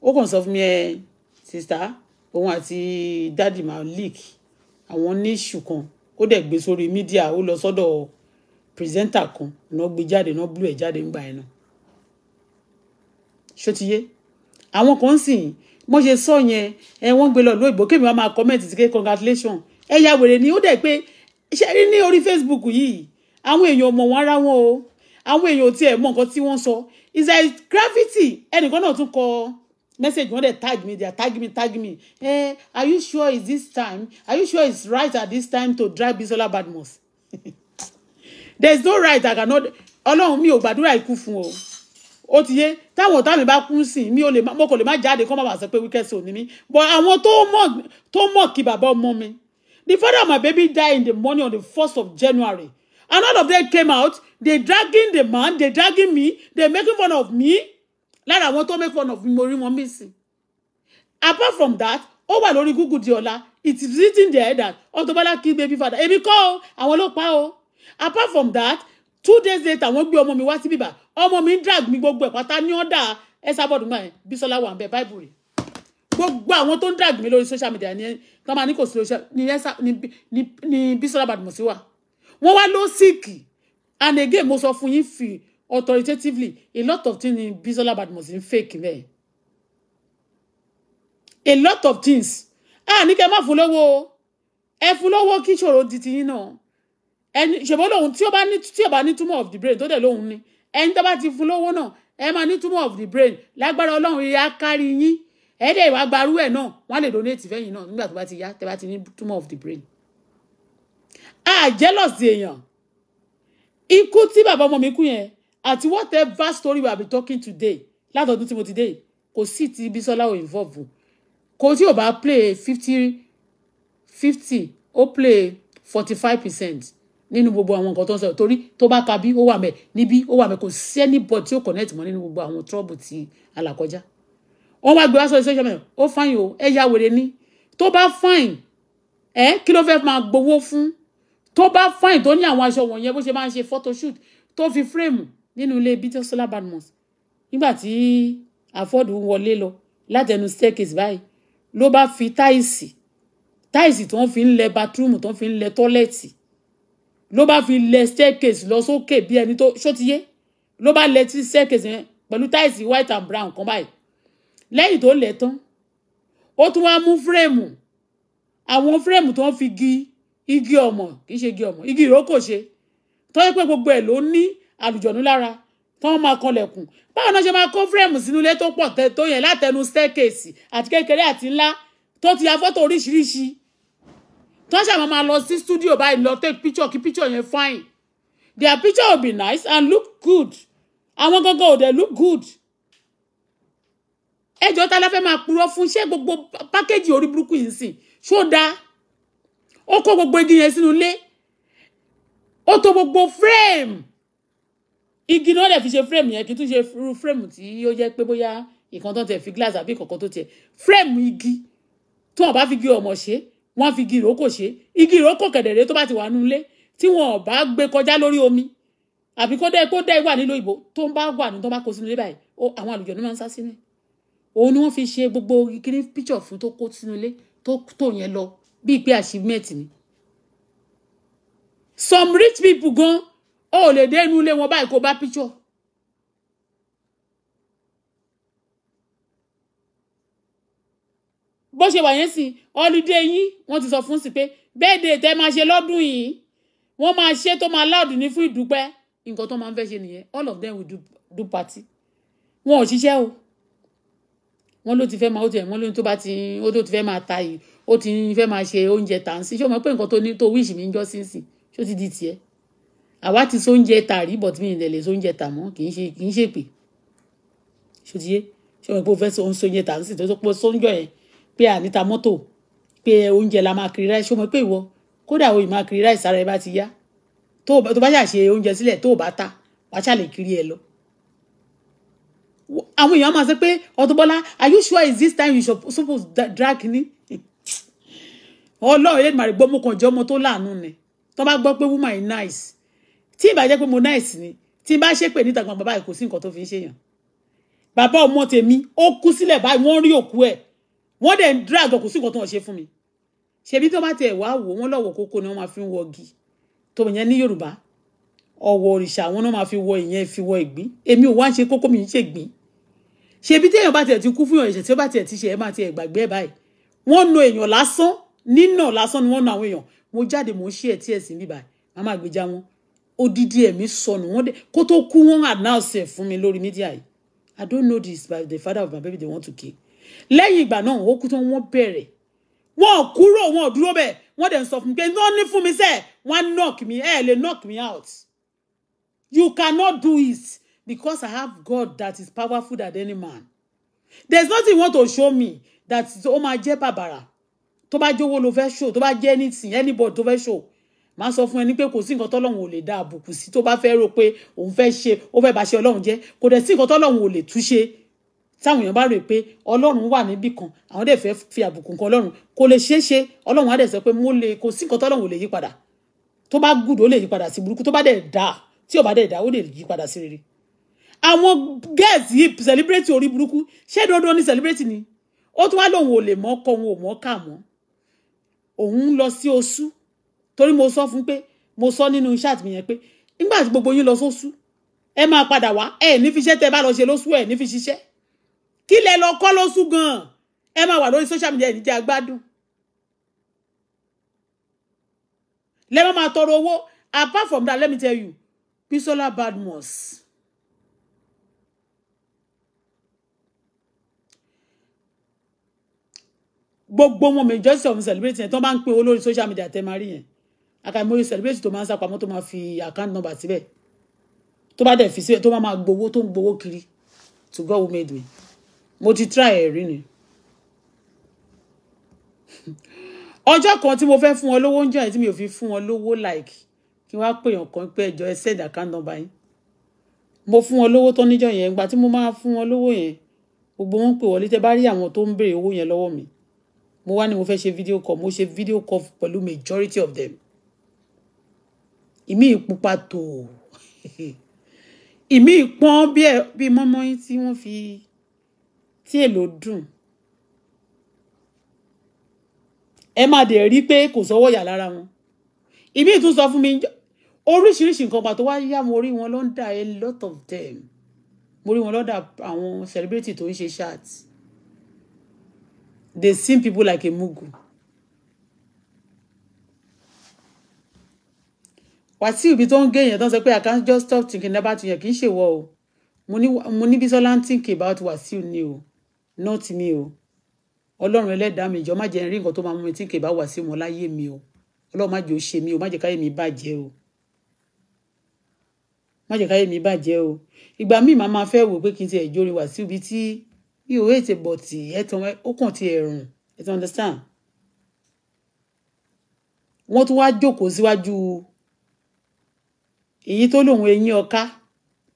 ó kàn sọ fún mi ẹ eh, sista òun àti dadi malik àwọn ní ìṣù kan ó dẹ̀ gbé sórí mídíà ó lọ sọ́dọ̀ pírẹsẹ́ńtà kan náà gbé jáde náà blú ẹ̀ jáde ńgbà yẹn náà ṣòtìyé àwọn kan sì mo ṣe sọ yẹn ẹ wọ́n gbé lọ lóyìnbó kémi wàá máa comment sí ké congratulation ẹ ya wèrè ni ó dẹ̀ pé ṣe rí ní orí Facebook yìí àwọn èèyàn mọ̀ wọ́n ara wọn o àwọn èèyàn ò tiẹ̀ mọ̀ nǹkan tí wọ́n sọ is that gravity ẹnìkan náà tún kọ message wọn dẹ̀ tag me they tag me tag me eh are you sure it's this time are you sure it's right at this time to drive Bisola Badmus there is no right I cannot Ọlọ́run mi ò gbàdúrà ikú fún o ó ti yé táwọn ọ̀tá mi bá kú sí mi ò lè mo kò lè má jáde kó má bàa sọ pé wíkẹ́ sí òní mi but àwọn tó mọ̀ tó mọ̀ kí bàbá ọmọ mi the father of my baby died in the morning on the first of January and all of them came out they dragging the man they dragging me they making fun of me lára àwọn tó make fun of me mo rí wọn mí sí apart from that ó wà lórí Google di ọ̀la it is written there that Auto Bola kill baby father èmi kọ́ o àwọn ló pa o apart from that two days later wọ́n gbé ọmọ mi wá sí bíbá ọmọ mi ń drag mi gbogbo ẹ̀ pátá ní ọ̀dà Esabod gbà yẹn Bísọ́lá wà ń bẹ báìbù rẹ̀ gbogbo àwọn tó ń drag mi lórí social media ni tọ́mọ ní kò sí lóṣẹ́ ni Bísọ́lá Badmus wà wọ́n wá ló síìkì and again mo sọ fún yín fi authoritatively a lot of things ni Bísọ́lá Badmus ń fake mẹ́ẹ̀ a lot of things Ah, ní kẹ́ má fún lówó ẹ fún lówó kí ṣòro di tiyín náà ẹni ṣèbó lòun tí ó bá ní tí ó bá ní tumor of the brain tó dẹ̀ lóun ni ẹni tó bá ti fún lówó náà ẹ máa ní tumor of the brain lágbára ọlọ́run yìí á kárí yín ẹ̀ẹ́dẹ̀ ìwà gbarú ẹ̀ náà wọ́n lè donate fẹ́yìn náà nígbà tó bá ti yá tẹ́ bá ti ní tumor of the brain. a jealous èèyàn ikú tí bàbá ọmọ mi kú yẹn àti vast story we be talking today látọ̀dún tí mo ti dé kò sí ti Bisola ò involve kò tí ò bá play fifty fifty ó play forty five percent nínú gbogbo àwọn nǹkan tó ń sọ torí tó bá ka bí ó wà mẹ níbí ó wà mẹ kò sí anybody tí ó connect mọ́ nínú gbogbo àwọn trouble ti alàkọjá wọn wá gbé wá sọ social media ó fáyìn o ẹ ya wèrè ni tó bá fáyìn ẹ kí ló fẹ́ máa gbowó fún tó bá fáyìn tó ní àwọn aṣọ wọ̀nyẹn bó ṣe máa ń ṣe photoshoot tó fi frame nínú ilé Bísọ́lá Badmus nígbà tí afọ́dù ń wọlé lọ látẹnu staircase báyìí ló bá fi táìsì táìsì tó ń fi ń lẹ bathroomu tó ń fi ń lẹ tọ́lẹ̀tì ló bá fi lẹ staircase lọ sókè bí ẹni tó ṣó ti yé ló bá lẹ tí staircase yẹn pẹ̀lú táìsì white and brown kan báyìí lẹ́yìn tó lẹ̀ tán ó tún wá mú fírèmù àwọn fírèmù tó ń fi gi igi ọmọ kì í ṣe igi ọmọ igi ìrókò ṣe tó yẹ pé gbogbo ẹ̀ ló ní àlùjọ̀nú lára tó ń máa kanlẹ̀kùn báwo náà ṣe máa kó fírèmù sínú ilé tó pọ̀ tó yẹn látẹnu staircase àti kékeré àti ńlá tó ti ya fọ́tò oríṣiríṣi tó ṣàmọ́ máa lọ sí studio báyìí lọ take picture kí picture yẹn fine their picture will be nice and look good àwọn gangan ò dẹ̀ look good ẹjọ́ ta la fẹ́ máa purọ́ fún ṣé gbogbo package orí burúkú yìí sìn ṣó dáa ó kó gbogbo igi yẹn sínú ilé ó tó gbogbo frame igi náà lè fi ṣe frame yẹn kí n tún ṣe irú frame tí ó jẹ́ pé bóyá ìkan tó ń tẹ̀ fi glass àbí ìkọ̀kan tó tiẹ̀ frame igi tí wọ́n bá fi gé ọmọ ṣe wọ́n fi igi ìrókò ṣe igi ìrókò kẹ̀dẹ̀rẹ́ tó bá ti wà nulẹ̀ tí wọn ò bá gbé kọjá lórí omi àbí kó dẹ́ kó dẹ́ wà nílò ìbò tó ń bá wà ní tó bá kó sínú ilé báyìí àwọn àlùjọ ní máa sá sínú òun ni wọ́n fi ṣe gbogbo kiri píchọ̀ fún tó kó sínú ilé tó tó yẹn lọ bíi pé achievement ni. some rich people gan ọ̀ lè dé inú ilé wọn báyìí kó bá píchọ̀ bó ṣe wà yẹn sìn holiday yín wọ́n ti sọ fún sí pé birthday tẹ́ máa ṣe lọ́dún yìí wọ́n máa ṣe tó máa láàdùn ní fún ìdúpẹ́ nǹkan tó máa ń fẹ́ ṣe nìyẹn all of them will do, do party wọn ò ṣiṣẹ́ o wọ́n ló ti fẹ́ máa ó ti ẹ̀ wọ́n ló ti bá ti ó tó ti fẹ́ máa ta yìí ó ti fẹ́ máa ṣe oúnjẹ tà ń sí ṣé o mọ̀ pé nǹkan tó ní tó wíṣì mi ń jọ sí ń sìn ṣé ó ti di tiẹ̀ àwa ti sóúnjẹ tà rí bọ̀tí mi ìdẹ̀lẹ̀ sóúnjẹ tà mọ́ kì í ṣe kì í ṣèpè ṣòtíyé ṣé o mọ̀ pé o fẹ́ sóúnjẹ tà ń sìn tó tó pọ̀ sóúnjọ yẹn pé àníta mọ́tò pé oúnjẹ la máa kiri ráìsì ó mọ̀ pé ìwọ kódà òyìn máa kiri ráìsì ara ẹ bá ti yá tó bá ṣàṣe oúnjẹ sílẹ̀ tó bá ta wàá ṣàlè kiri ẹ lọ. àwọn èèyàn máa sọ pé Auto are you sure is this time you suppose drag ni ọlọ́run yẹn màrí gbọ́ mo kàn jẹ́ ọmọ tó láàánú ni tó bá gbọ́ pé woman is nice tí ìbá jẹ́ pé mo nice ni tí n bá ṣépè níta gbọ́n bàbá ẹ̀ kò sí nǹkan tó fi ń ṣèyàn bàbá ọmọ tèmi ó kú sílẹ̀ báyìí wọ́n rí òkú ẹ̀ wọ́n dẹ̀ ń drag kò sí nǹkan tó wọ́n ṣe fún mi ṣebí tó bá tiẹ̀ wá wò wọ́n lọ́wọ́ kókó ni wọ́n máa fi ń wọ gi tó yẹn ní Yorùbá ọwọ́ òrìṣà wọn náà máa fi wọ ìyẹn fi wọ ìgbín èmi ò wá ń ṣe kókó mi ń ṣe gbín ṣebí téèyàn bá tiẹ̀ ti kú fún ìyẹn ìṣẹ̀ tí ó bá tiẹ̀ ti ṣe ẹ̀ máa tiẹ̀ gbàgbé ẹ̀ báyìí wọ́n na èèyàn lásán nínà lásán ni wọ́n na àwọn èèyàn mo jáde mo ń ṣe ẹ̀ tí ẹ̀ sí bíbá a máa gbèjà e wọn odidi ẹ̀mí sọnù wọn kó tó kú wọn announce ẹ̀ fún mi lórí mídíà yìí I don't know this but the father of my baby they want to kill lẹ́yìn ìgbà náà ó kú tán wọ́n bẹ̀rẹ̀ wọ́n kúrò wọ́n dúró bẹ̀ wọ́n dẹ̀ ń sọ fún mi pé ní wọ́n ní fún mi sẹ́ẹ̀ wọ́n knock me ẹ̀ lè knock me out you cannot do it because I have God that is powerful than any man there is nothing you want to show me that ó máa jẹ́ bàbàrà tó bá jówó lo fẹ́ show tó bá jẹ́ anything anybody tó fẹ́ show máa sọ fún ẹni pé kò sí nǹkan tọ́lọ́run ò lè dá àbùkù sí tó bá fẹ́ rò pé òun fẹ́ ṣe ó fẹ́ bá ṣe ọlọ́run jẹ́ kò dẹ̀ sí nǹkan tọ́lọ́run ò lè túṣe táwọn èèyàn bá rò pé ọlọ́run wà níbì kan àwọn dẹ̀ fẹ́ fi àbùkù kan ọlọ́run kò lè ṣeé ṣe ọlọ́run á dẹ̀ sọ pé mo lè kò sí nǹkan tọ́lọ́run ò lè yí padà tó bá gùdù ó lè yí padà sí burúkú tó bá dẹ̀ dà tí ò bá dẹ̀ dà ó lè yí padà sí rere. àwọn girls yìí celebrate orí burúkú ṣé dandan ni celebrate ni ó tún wá lòun ò lè mọ́ kọ òun ò mọ́ kà mọ́ òun lọ sí oṣù torí mo sọ fún pé mo sọ nínú iṣẹ́ àtìmí yẹn pé nígbà tí gbogbo yín lọ sóṣù ẹ máa padà wá ẹ ní fi iṣẹ́ tẹ bá lọ kí lẹ lọ kọ́ lóṣù gan ẹ máa wà lórí social media ìdíje agbádùn lẹ máa máa tọrọ owó apart from that let me tell you Bisola Badmus gbogbo wọn majority of celebrate yẹn tó máa ń pín owó lórí social media tẹ máa rí yẹn àkàìmọye celebrate tó máa ń sápamọ́ tó máa fi account number síbẹ̀ tó bá dẹ̀ fi síbẹ̀ tó máa máa gbowó tó ń gbowó kiri to God who made me mo ti try ẹ̀ rí ni ọjọ́ kan tí mo fẹ́ fún wọn lówó oúnjẹ tí mi ò fi fún wọn lówó like kí wọ́n á pè yàn kan pé ẹjọ́ ẹ send account number yín mo fún wọn lówó tó níjọ́ yẹn ìgbà tí mo máa fún wọn lówó yẹn gbogbo wọn pè wọlé tẹ bá rí àwọn tó ń béèrè owó yẹn lọ́wọ́ mi mo wá ní mo fẹ́ ṣe video call mo ṣe video call pẹ̀lú majority of them ìmí ìpupa tó ìmí ìpọ́n bí mọ́mọ́ yín tí wọ́n fi tí èlò dùn ẹ má dẹ̀ rí pé kò sọ́wọ́ yà lára wọn ìbí ìtún sọ fún mi oríṣiríṣi nǹkan pàtó wá yá mo rí wọn lọ́ndà a lot of them mo rí wọn lọ́dà àwọn celebrity tó ń ṣe chat they sing people like emugu wàtí ibi tó ń gé èèyàn tó ń sọ pé i can't just stop thinking about you. yẹn kì í ṣèwọ o mo ní Bísọ́lá ń think about Wàsíù ni o not me. o ọlọ́run ẹlẹ́dàá mi jọ̀ọ́ má jẹ́ rí nǹkan tó máa mú mi tí kì í bá wà sí wọn láyé mi o ọlọ́run má jẹ́ ó ṣe mi o má jẹ́ káyé mi bàjẹ́ o má jẹ́ káyé mi bàjẹ́ o ìgbà míì màá máa fẹ́ wò pé kí n ti ẹ̀ jórí wà sí ibi tí mi ètè bọ̀ tì ẹ̀tàn ó kàn ti ẹ̀rùn ẹ̀tàn understand wọ́n tún wá jókòó síwájú èyí tó lòun eyín ọká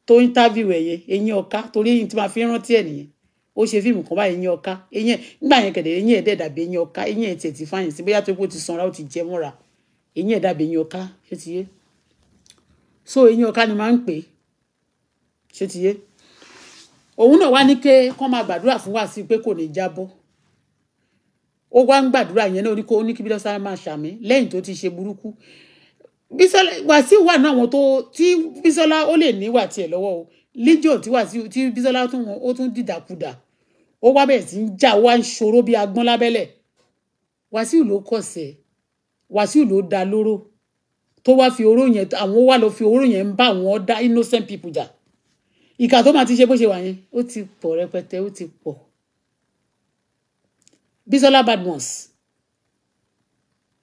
tó ń tábìwẹ̀ yẹn eyín ọká torí eyín tí màá fi rántí ẹ̀ nìyẹn ó ṣe fíìmù kan báyìí eyín ọká eyín nígbà yẹn kẹ̀dẹ̀ eyín ẹ̀ dẹ̀ dàbí eyín ọká eyín ẹ̀ tiẹ̀ ti fáyìn sí bóyá tó kó ti sanra ó ti jẹ mọ́ra eyín ẹ̀ dàbí eyín ọká ṣé ti yé so eyín ọká ni máa ń pè é ṣé ti yé òun náà wá ní pé kán máa gbàdúrà fún Wàsíù pé kò ní jábọ́ ó wá ń gbàdúrà yẹn náà oníkó oníkíbi lọ́sàn-án máa ṣàmì lẹ́yìn tó ti ṣe burúkú Bísọ́lá Wàsíù wà náà wọn tó tí Bísọ́lá ó lè níwà tiẹ̀ lọ́wọ́ o legion tí Wàsíù tí Bísọ́lá ó tún dìdàkudà ó wá bẹ̀rẹ̀ sí ń jà ó wá ń ṣòro bí agbọ́n lábẹ́lẹ̀ wàsíù ló kọ̀sẹ̀ wàsíù ló da lóró tó wá fi oró yẹn àwọn wá lọ fi oró yẹn ń bá àwọn ọ̀dà innocent people jà ìkà tó máa ti ṣe bó ṣe wà yẹn ó ti pọ̀ rẹpẹtẹ ó ti pọ̀ Bisola Badmus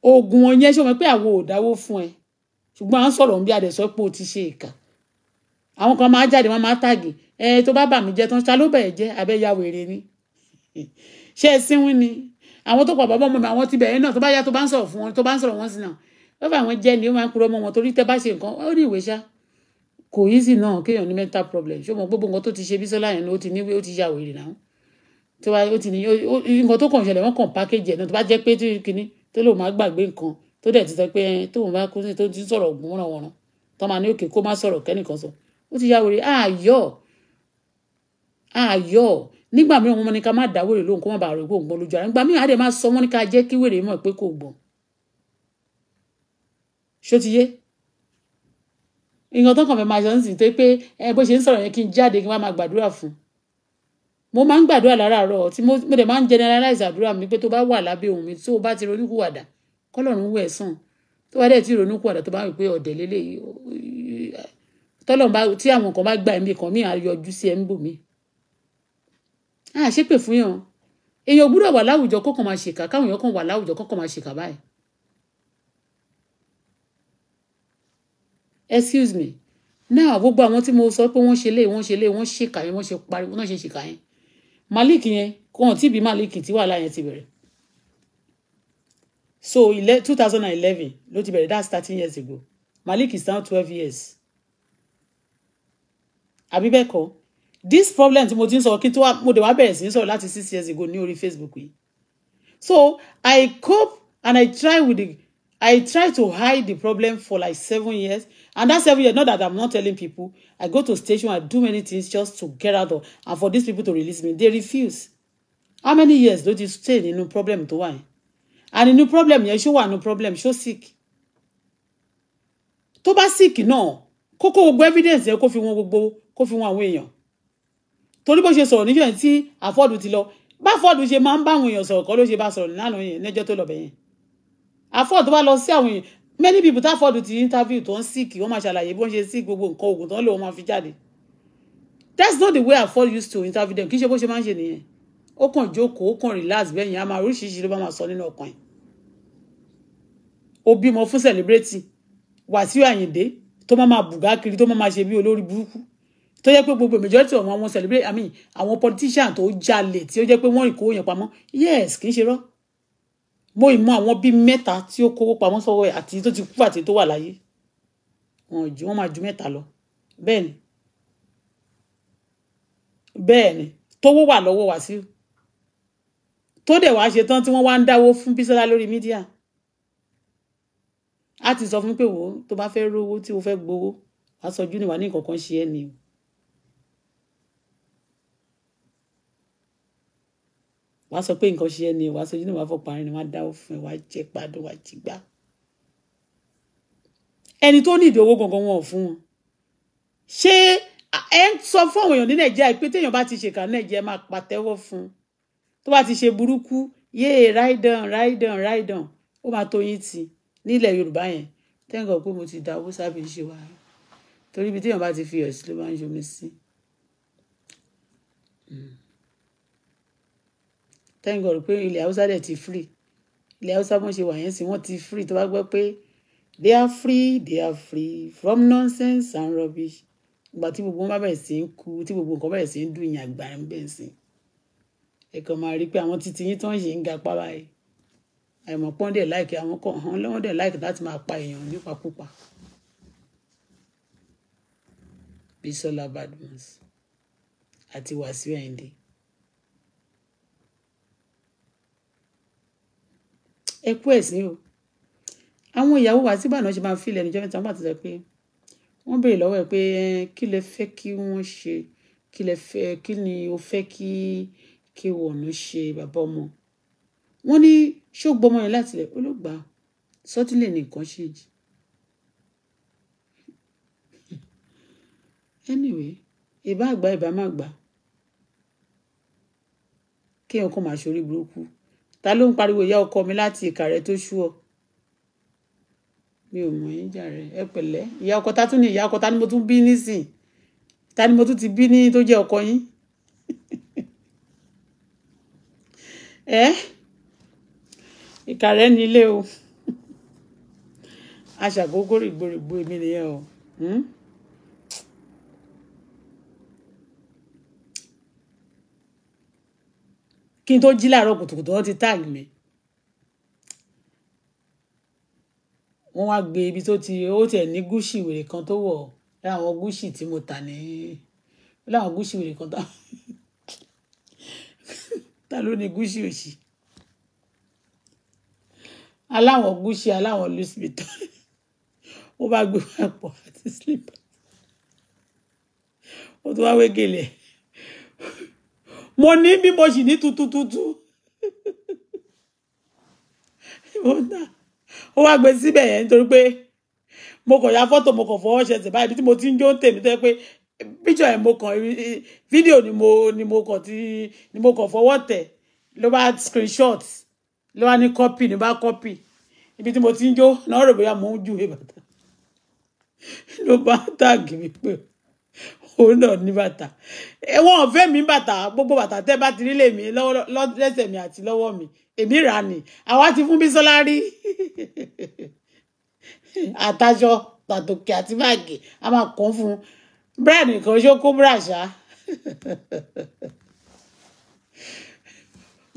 oògùn ọ̀yẹ́ ṣe mọ̀ pé àwọn ò dáwó fún ẹ ṣùgbọ́n à ń sọ̀rọ̀ ń bí adẹ̀sọ́ pé o ti ṣe ìkà àwọn kan máa jáde wọn máa tàgì ẹ tó bá bà mí jẹ tán ṣá ló bẹ̀ẹ̀ jẹ́ abẹ́yà wèrè ni ṣé ẹ sínwín ni àwọn tó pọ̀ bọ́ mọ́ mi àwọn ti bẹ̀rẹ̀ náà tó bá yá tó bá ń sọ̀rọ̀ fún wọn tó bá ń sọ̀rọ̀ wọn sí náà wọ́n fà wọ́n jẹ́ ni ó máa ń kúrò mọ́ wọn torí tẹ́ bá ṣe nǹkan ó ní ìwé ṣá kò easy náà kéèyàn ní mental problem ṣé o mọ̀ gbogbo nǹkan tó ti ṣe bí sọ́lá yẹn ló ti ní ó ti ya wèrè náà tó bá ó ti ní nǹkan tó kàn ṣẹlẹ̀ wọ́n kàn package ẹ̀ náà tó bá jẹ́ pé tó kíní tó lò má gbàgbé nǹkan tó dẹ̀ ti sọ pé tóun ó ti ya wèrè ààyò ah, ààyò ah, nígbà mìíràn wọn ní ká má dá wèrè lóhùn kó má bàa rò pé òun gbọ́n lójú ara nígbà mìíràn á dẹ̀ máa sọ wọn ní ká jẹ́ kí wèrè mọ̀ pé kò gbọ́n ṣó ti yé nǹkan tó kàn fẹ́ máa ṣe ń sìn tó pé ẹ bó ṣe ń sọ̀rọ̀ yẹn kí n jáde kí n wá máa gbàdúrà fún mo máa ń gbàdúrà láràárọ̀ tí mo dẹ̀ máa ń generalize àdúrà mi pé tó bá wà lábẹ́ ohun mi tó o bá ti ronúkúwàdà kọ́lọ́run wẹ̀ sàn tó bá dẹ̀ ti ronúkúwàdà tó bá wì pé ọ̀dẹ̀ lélẹ̀ tọ́lọ̀ bá tí àwọn kan bá gba ẹ̀mí kan mí àyọjú sí ẹ̀ ń bò mí. a ṣe pè fún yàn èèyàn gbúdọ̀ wà láwùjọ kọ́kàn máa ṣèkà káwọn èèyàn kan wà láwùjọ kọ́kàn máa ṣèkà báyìí. excuse me náà gbogbo àwọn tí mo sọ pé wọ́n ṣe lé wọ́n ṣe lé wọ́n ṣèkà yẹn wọ́n ṣe pariwo náà ṣe ṣèkà yẹn malik yẹn kàn tí bí malik tí wàhálà yẹn ti bẹ̀rẹ̀ so two thousand and eleven ló ti bẹ̀rẹ̀ that's thirteen years ago malik is now twelve years àbí bẹ́ẹ̀ kọ́ this problem tí mo ti ń sọ kí tó wá mo dẹ̀ wá bẹ̀rẹ̀ sí ń sọ̀rọ̀ láti six years ago ní orí Facebook yìí so I cope and I try with the I try to hide the problem for like seven years and that seven years not that I'm not telling people I go to station I do many things just to get out of and for these people to release me they refuse how many years do you stay in nínú problem tó wà yẹn and nínú problem yẹn show wà nínú problem Show sick tó bá sick náà. No kókó gbogbo evidence yẹn kó fi wọn gbogbo kó fi wọn àwọn èèyàn torí bó ṣe sọ̀rọ̀ níjọ́ yẹn tí àfọ́dù ti lọ bá àfọ́dù ṣe máa ń bá àwọn èèyàn sọ̀rọ̀ kọ́ ló ṣe bá sọ̀rọ̀ lánàá yẹn lẹ́jọ́ tó lọ bẹ̀yẹn àfọ́dù bá lọ sí àwọn èèyàn many people tá àfọ́dù ti interview tó ń sick wọ́n máa ṣàlàyé bí wọ́n ṣe sick gbogbo nǹkan oògùn tó ń lò wọ́n máa fi jáde that's not the way àfọ́dù used to interview them kì í ṣe bó ṣe máa ń ṣe nìyẹn ó kàn jókòó ó kàn relax bẹ́yìn á máa oríṣiríṣi ló bá máa sọ nínú ọkàn ẹ̀ ó tó máa máa bùgá kiri tó máa máa ṣe bí olórí burúkú tó jẹ́ pé gbogbo majority of wọn celebrate i mean àwọn politician tó jalè tí ó jẹ́ pé wọ́n rìn kówó yẹn pamọ́ yes kì í ṣe rọ́ mo ì mọ àwọn bíi mẹ́ta tí ó kówó pamọ́ sọ́wọ́ ẹ̀ àti tó ti kú àti tó wà láyé wọn ju wọn máa ju mẹ́ta lọ bẹ́ẹ̀ ni bẹ́ẹ̀ ni tówó wà lọ́wọ́ wá sí tó dẹ̀ wá ṣe tán tí wọ́n wá ń dáwó fún bísọ́lá lórí mídíà a ti sọ fún mi pé wo tó bá fẹ́ rówó tí o fẹ́ gbowó aṣojú ni wà ní nǹkan kan ṣe ẹ́ ni o. wàá sọ pé nǹkan ṣe ẹ́ ni o wàá sọ ojú ni wàá fọpa rìn wàá dáwọ́ fún ẹ wàá jẹ gbádùn wàá jí gbá. ẹni tó ní ìdí gangan wọn ò fún wọn ṣé ẹ sọ fún àwọn èèyàn ní nàìjíríà pé téèyàn bá ti ṣèkà nàìjíríà máa pàtẹ́wọ́ fún un tó bá ti ṣe burúkú yéè ráìdàn ráìdàn ráìdàn ó máa tó yín ti nílẹ̀ yorùbá yẹn tẹ́ǹkọ̀ pé mo ti da owó sábì ń ṣe wá torí ibi téèyàn bá ti fi ọ̀sìn ló máa ń yomi sí hmm. tẹ́ǹkọ̀ pé ilẹ̀ haúsá dẹ̀ ti free ilẹ̀ haúsá bó ṣe wà yẹn sì wọ́n ti free tó bá gbọ́ pé they are free they are free from nonsense and rubbish ìgbà tí gbogbo wọn bá bẹ̀rẹ̀ sí ń kú tí gbogbo nǹkan bẹ̀rẹ̀ sí ń dùn ìyàn ń bẹ̀rẹ̀ sí ẹ̀kan máa rí pé àwọn titi yín tó ń ń ga pa báyìí àìmọ̀ pọ́n dẹ̀ láìkì e, àwọn kan hàn lọ́wọ́ dẹ̀ láìkì láti máa pa èèyàn nípakúpa. Bisola Badmus àti Wàsíù Àyìndé. ẹ kú ẹ̀sìn o àwọn ìyàwó wa tí bàánà ṣe máa ń fi lẹ́nu jẹ́mẹ́ta wọ́n pàtàkì pé wọ́n béèrè lọ́wọ́ ẹ̀ pé kí lẹ fẹ́ kí wọ́n ṣe kí lẹ fẹ́ kí ni o fẹ́ kí kí wọ̀nù ṣe bàbá ọmọ wọ́n ní ṣó gbọmọ yẹn láti ilẹ̀ olóògbà sọtílẹ̀ nìkan ṣe jì anyway ìbá àgbà ìbá má gbà kéèyàn kan máa ṣorí burúkú ta ló ń pariwo ìyá ọkọ mi láti ìka rẹ tó ṣú ọ mi ò mọ yín jàre ẹ pẹ̀lẹ́ ìyá ọkọ ta tún ni ìyá ọkọ ta ni mo tún bí nísìn ta ni mo tún ti bí ní tó jẹ́ ọkọ yín ẹ. Eh? ìkàrẹ́ nílé o aṣàgógó rìgbòrìgbò èmi nìyẹn o. Hmm? kí n tó jí láàárọ̀ kùtùkùtù wọ́n ti táàgì mi wọ́n wá gbé ibi tó ti ó tiẹ̀ ní gúúsì wèrè kan tó wọ̀ láwọn gúúsì tí mo tà ní láwọn gúúsì wèrè kan tá ló ní gúúsì òsì aláwọ̀ Gucci aláwọ̀ Louis Vuitton ó bá gbé wá pọ̀ àti slipper ó tún wá wégele mo ní bí mo sì ní tuntun tuntun ó wá gbé síbẹ̀ yẹn nítorí pé mo kàn ya fọ́tò mo kàn fọwọ́ ṣẹ̀ṣẹ̀ báyìí ibi tí mo ti ń jó tèmi tó yẹ pé píjọ ẹ̀ mo kàn fídíò ni mo ni mo kàn ti ni mo kàn fọwọ́ tẹ̀ ló bá screenshot ló wá ní kọ́pì ní bá kọ́pì ibi tí mo ti ń jó náà rò bóyá mò ń ju ìbàtà ló bá tàgì mi pé òun náà ní bàtà ẹwọn ọ̀fẹ́ mi bàtà gbogbo bàtà tẹ́ bá ti rí lèmi lẹ́sẹ̀ mi àti lọ́wọ́ mi èmi rà ní àwa ti fún Bísọ́lá rí àtàjọ tàtòkè àti báàgì a máa kàn fún un nìkan ṣó kó bíra ṣá.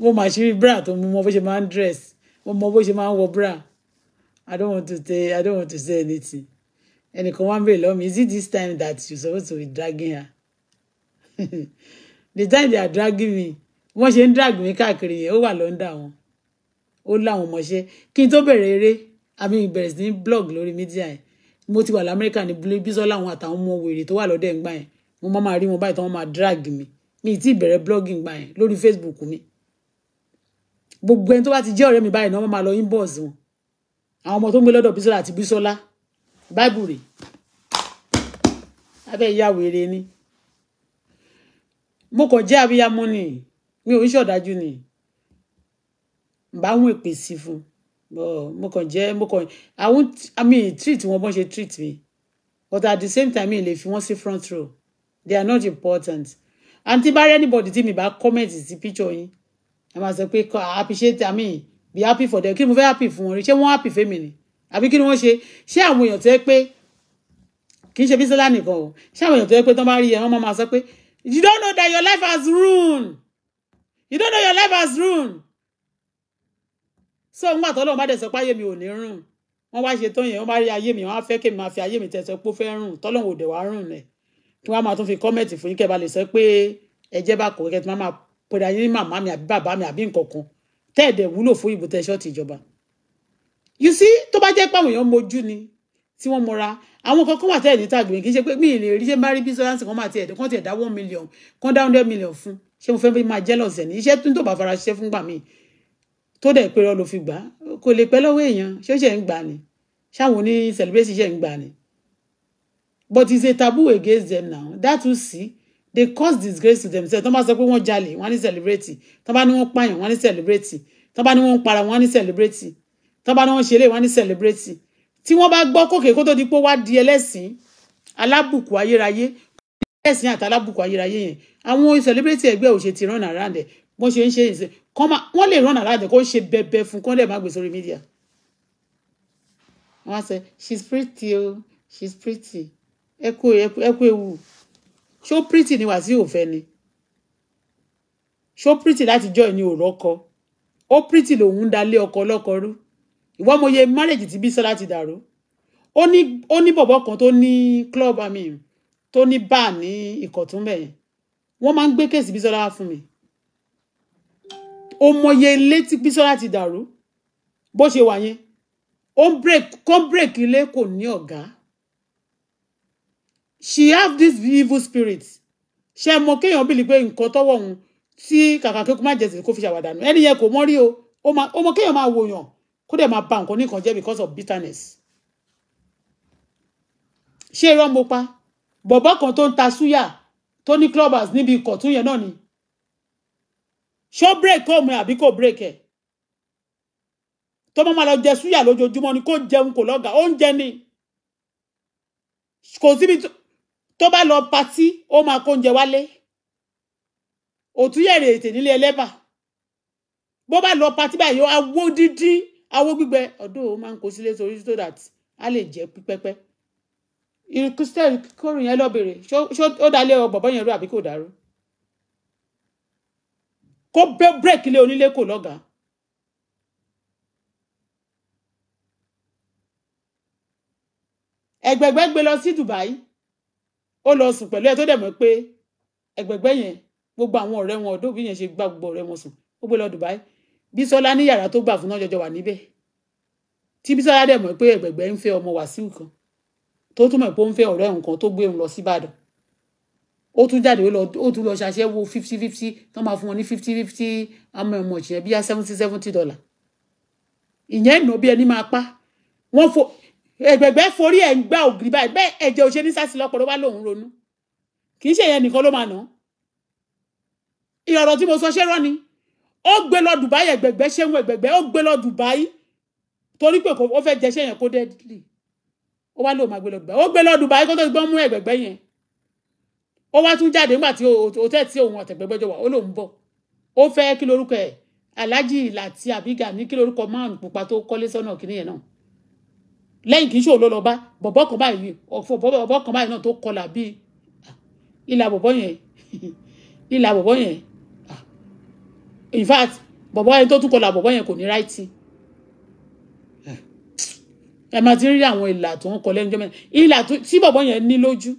mo mà ṣe rí bra tó mo mọ bó ṣe máa ń dress mo mọ bó ṣe máa ń wọ bra i don't want to say i don't want to say anything ẹnìkan wá ń bèrè lọ́wọ́ mi is it this time that you suppose to be dragging her the time they are dragging me wọ́n ṣe ń drag mi káàkiri yẹn ó wà lọ́ndà wọn ó láwọn ọmọọṣẹ́ kí n tó bẹ̀rẹ̀ eré àmì ìbẹ̀rẹ̀ sí ní blog lórí mídíà yẹn mo ti wà lamẹ́ríkà ní bísọ́lá àwọn àtàwọn ọmọ wèrè tó wà lọ́dẹ̀ ńgbà yẹn mo máa rí wọn báyìí tí wọ́n máa drag mi mi ì tí ì bẹ̀rẹ̀ blogging gbà yẹn lórí facebook mi gbogbo ẹni tó bá ti jẹ́ ọ̀rẹ́ mi báyìí náà wọ́n máa lọ inbox wọn àwọn ọmọ tó ń gbé lọ́dọ̀ Bísọ́lá àti Bísọ́lá báìbù rè abẹ́ ìyá wèrè ni mo kàn jẹ́ abiyamọ ni mi ò ń ṣọ̀dájú ni bá wọn èpè sí fún mo kàn jẹ́ mo kàn àwọn àmì treat wọn bọ́n ṣe treat mi but at the same time mi lè fi wọ́n sí front row they are not important àǹtí bá rí anybody tí mi bá comment sí picture yín ẹ máa sọ pé appreciate I mean be happy for them kí ni mo fẹ́ happy fún wọn rí ṣé wọ́n happy fẹ́mi ni àbí kí ni wọ́n ṣe ṣé àwọn èèyàn tẹ́ pé kì í ṣe bísílà nìkan o ṣé àwọn èèyàn tẹ́ pé tán bá rí ẹ wọ́n máa sọ pé you don't know that your life has ruined you don't know your life has ruined so ń gbà tọ́lọ́ bá dẹ̀ sọ pé ayé mi ò ní rùn wọ́n wá ṣe tán yẹn wọ́n bá rí ayé mi wọ́n á fẹ́ kí mi máa fi ayé mi tẹ̀ pé ó fẹ́ rùn tọ́lọ́ ò dẹ̀ wá rùn rẹ̀ kí wọ́n máa tún fi kọ́mẹ̀tì fún yín kẹ́ bá lè sọ pé ẹjẹ́ bá kọ̀ kẹ́ ẹ ti máa pẹ̀lú ayé ní màmá mi àbí bàbá mi àbí nǹkan kan tẹ́ ẹ̀dẹ̀ wúlò fún ìbò tẹ́ ṣọ́ọ̀tì ìjọba you see tó bá jẹ́ pé àwọn èèyàn mojú ni tí wọ́n mọra àwọn kan kan wà tẹ́ ẹ̀ ní tàgbé kì í ṣe pé mi ì lè rí ṣe má rí bí sọ́láǹsì kan máa ti ẹ̀dẹ̀ kan ti ẹ̀dá one million kan dá hundred million fún ṣé mo fẹ́ bí máa jealous ẹ̀ ní iṣẹ́ tó ń tó bá fara ṣiṣẹ́ fún gbà míì tó dẹ̀ pé ló fi gbà kò lè pẹ́ lọ́wọ́ èèyàn ṣé ó ṣe ń gbà ni ṣáwọn oní celebration ṣe ń gbà ni but it's a taboo against them now that too see they cause disgrace to themselves tó bá sọ pé wọ́n jalè wọ́n á ní celebrate tó bá ní wọ́n pààyàn wọ́n á ní celebrate tó bá ní wọ́n para wọ́n á ní celebrate tó bá ní wọ́n ṣeré wọ́n á ní celebrate tí wọ́n bá gbọ́ kòkè kó tó di pé wá di ẹlẹ́sìn alábùkù ayérayé ẹlẹ́sìn àti alábùkù ayérayé yẹn àwọn celebrate ẹgbẹ́ òṣè ti run around ẹ̀ wọ́n ṣe ń ṣe ìṣe wọ́n lè run around ẹ̀ kó ṣe bẹbẹ fún kọ́ńdẹ̀ má gbé sórí media wọ́n á sẹ́ she's pretty o she's pretty ẹ kú ewu ṣó pretty ni Wàsíù fẹ́ ni ṣó pretty láti join ní òrọ́kọ ó pretty lòun ń dalé ọkọ ọlọ́kọ rú ìwọ mo ye marriage ti Bísọ́lá ti dàrú ó ní ó ní bọ̀bọ̀ kan tó ní club I mean tó ní bar ní Ìkọ̀tún bẹ́ẹ̀ wọ́n máa ń gbé kéèsì Bísọ́lá wá fún mi ó mọye ilé tí Bísọ́lá ti dàrú bó ṣe wà yẹn ó ń break kó ń break ilé kò ní ọ̀gá she have this evil spirit ṣe mọ kéèyàn bìlì pé nǹkan tọwọ́ òun tí kàkà kékun má jẹsìn kó fi ṣàwàdànù ẹni yẹn kò mọ rí o ó mọ kéèyàn máa wòyàn kó dẹ̀ máa ba nǹkan nìkan jẹ́ because of bitterness ṣé irọ́ mo pa bọ̀bọ́ kan tó ń ta súyà tó ní clubbers níbi ìkọ̀tún yẹn náà ni ṣó break home àbí kò break ẹ̀ tó máa lọ jẹ súyà lójoojúmọ́ ni kò jẹun kò lọ́gàá oúnjẹ ni kò síbi tó bá lọ patí ó máa kó oúnjẹ wálé òtúnyẹ̀rè ètè nílé ẹlẹ́bà bó bá lọ patí báyìí awó dídí awó gbígbẹ ọdún òun máa ń kó sílé torí so that a lè jẹ pípẹ́pẹ́ kristẹni kórìn yẹn lọ́bẹ̀rẹ̀ ṣó ó dalẹ̀ ọ bọ̀bọ̀ yẹn rú àbí kò dàrú kó bẹ́ bírèkì lé onílé kò lọ́gàá ẹgbẹgbẹ gbé lọ sí Dubai ó lọ sùn pẹ̀lú ẹ tó dẹ̀ mọ̀ pé ẹgbẹ̀gbẹ́ yẹn gbogbo àwọn ọ̀rẹ́ wọn ọ̀dọ́ bí yẹn ṣe gbá gbogbo ọ̀rẹ́ wọn sùn ó gbé lọ Dubai Bísọ́lá ní yàrá tó gbà fún náà jọjọ wà níbẹ̀ tí Bísọ́lá dẹ̀ mọ̀ pé ẹgbẹ̀gbẹ́ ń fẹ́ ọmọ Wàsíù kan tó túmọ̀ pé ó ń fẹ́ ọ̀rẹ́ nǹkan tó gbé òun lọ síbàdàn ó tún jáde ó tún lọ ṣàṣẹ́wó fifty fifty tó máa fún wọn ní fifty fifty àmọ́ ẹ̀mọ̀ ìṣẹ̀yẹn bíyá seventy seventy dollar ìyẹn ìnà bí ẹni máa pa wọ́n fo ẹgbẹgbẹ forí ẹ ń gbá ògiri báyìí bẹ́ẹ̀ ẹ̀jẹ̀ ò ṣe ní sásì lọpọlọ wá lòun ronú kì í ṣe yẹn nìkan ló máa nà ìyọ̀rọ̀ tí mo sọ ṣé rán ni ó gbé lọ Dubai ẹgbẹgbẹ ṣéun ẹgbẹgbẹ ó gbé lọ Dubai torí pé ó fẹ́ jẹ ṣéyẹn kó dẹ́dìlì ó wá lóun máa gbé lọ Dubai ó gbé lọ Dubai kó tó gbọ́n mú ẹgbẹgbẹ yẹn ó wá tún jáde nígbà tí òtẹ́ tí òun àtẹ̀gbẹ́gbẹ́jọ wà ó lòun bọ̀ ó fẹ́ kí lorúkọ ẹ̀ aláàjì làtí àbígà ní kí lorúkọ márùn-ún pupa tó kọ́lé sọ́nà kìnìyẹn náà lẹ́yìn kì í ṣe òun ló lọ bá bọ̀bọ́ kan báyìí ọ̀fọ̀ bọ̀bọ́ kan báyìí náà tó kọlà bíi ah, ìlà bọ̀bọ́ yẹn ìlà bọ̀bọ́ yẹn ah. in fact bọ̀bọ́ yẹn tó tún kọlà bọ̀bọ́ yẹn kò ní ráìtì ẹ máa ti rí àwọn ìlà tó ń kọ lẹ́nu jọ́mẹ́ta ìlà tí bọ̀bọ́ yẹn ní lójú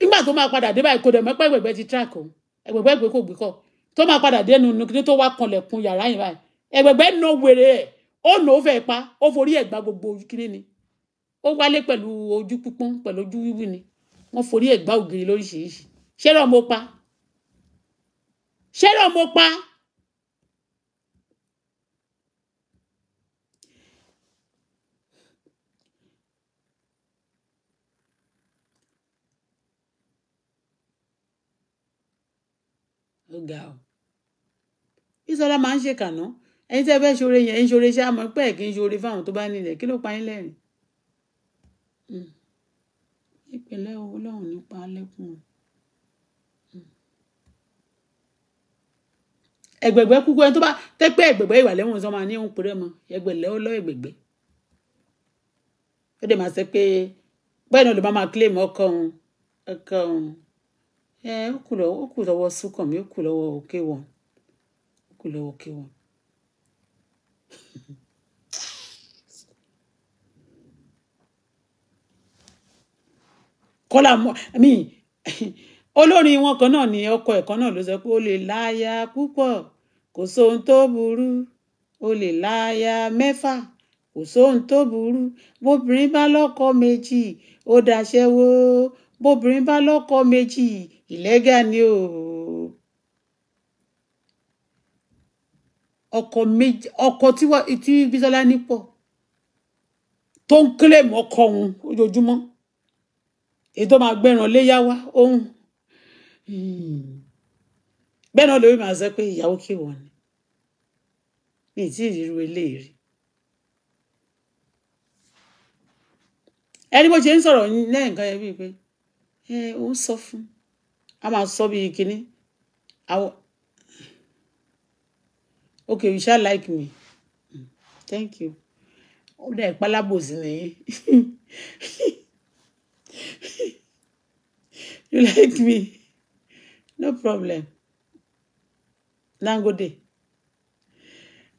nígbà tó máa padà dé báyìí kò dẹ̀ mọ́pẹ́ ẹgbẹ̀gbẹ́ ti track o ẹgbẹ̀gbẹ́ ìgbé kò gbé kọ́ tó máa padà dé nu nukiri tó wá kanlẹ̀kùn yàrá yẹn báyìí ẹgbẹ̀gbẹ́ nà wèrè ẹ̀ ó nà ó fẹ́ pa ó forí ẹ̀ gba gbogbo ojú kiri ni ó wálé pẹ̀lú ojú pípọ́n pẹ̀lú ojú wíwú ni wọ́n forí ẹ̀ gbá ògiri lóríṣiríṣi ṣẹ́rọ̀ mo pa ṣẹ́rọ̀ mo pa. ó ga ọ Bísọ́lá máa ń ṣèkànnà ẹni tẹ́ fẹ́ ṣoore yẹn ń ṣoore ṣá mọ̀ pé kì í ṣoore fáwọn tó bá nílẹ̀ kí ló pa yín lẹ́rìn. ìpínlẹ̀ hmm. owó lọ́hùn nípa lẹ́kùn. Hmm. ẹgbẹgbẹ kúkú ẹni tó bá tẹpẹ ẹgbẹgbẹ ìwà lẹ́wọ̀n sọ máa ní òun péré mọ ẹgbẹlẹ ó lọ ẹgbẹgbẹ ó dẹ̀ máa sẹ pé bẹ́ẹ̀ náà ló máa máa claim ọkọ òun ọkọ òun ẹ ó kù lọ́wọ́ ó kù lọ́wọ́ sukàn mi ó kù lọ́wọ́ òkè wọn ó kù lọ́wọ́ òkè wọn. Kọ́lá mọ́ mi olórin wọn kan náà ni ọkọ ẹ̀ kan náà ló sọ pé ó lè láya púpọ̀ kò sóhun tó burú o lè láya mẹ́fà kò sóhun tó burú bóbìnrin bá lọ́kọ méjì ó daṣẹ́wó bóbìnrin bá lọ́kọ méjì ìlẹ́gà ni o. ọkọ méjì ọkọ tí Bísọ́lá ní pọ̀ tó ń kílèmù ọkọ òun ojoojúmọ́ èyí tó máa gbẹ̀ràn léyà wá òun bẹ́ẹ̀ náà lórí màá sọ pé ìyàwó kéwọ̀n ni mi tí ìrírú eléyìí rí ẹni bó ṣe ń sọ̀rọ̀ lẹ́yìnkan yẹn bíi pé ẹ òun sọ fún a máa sọ bíi kínní okay you shall like me thank you ó dẹ̀ pálábòsí nìyí you like me no problem Dangote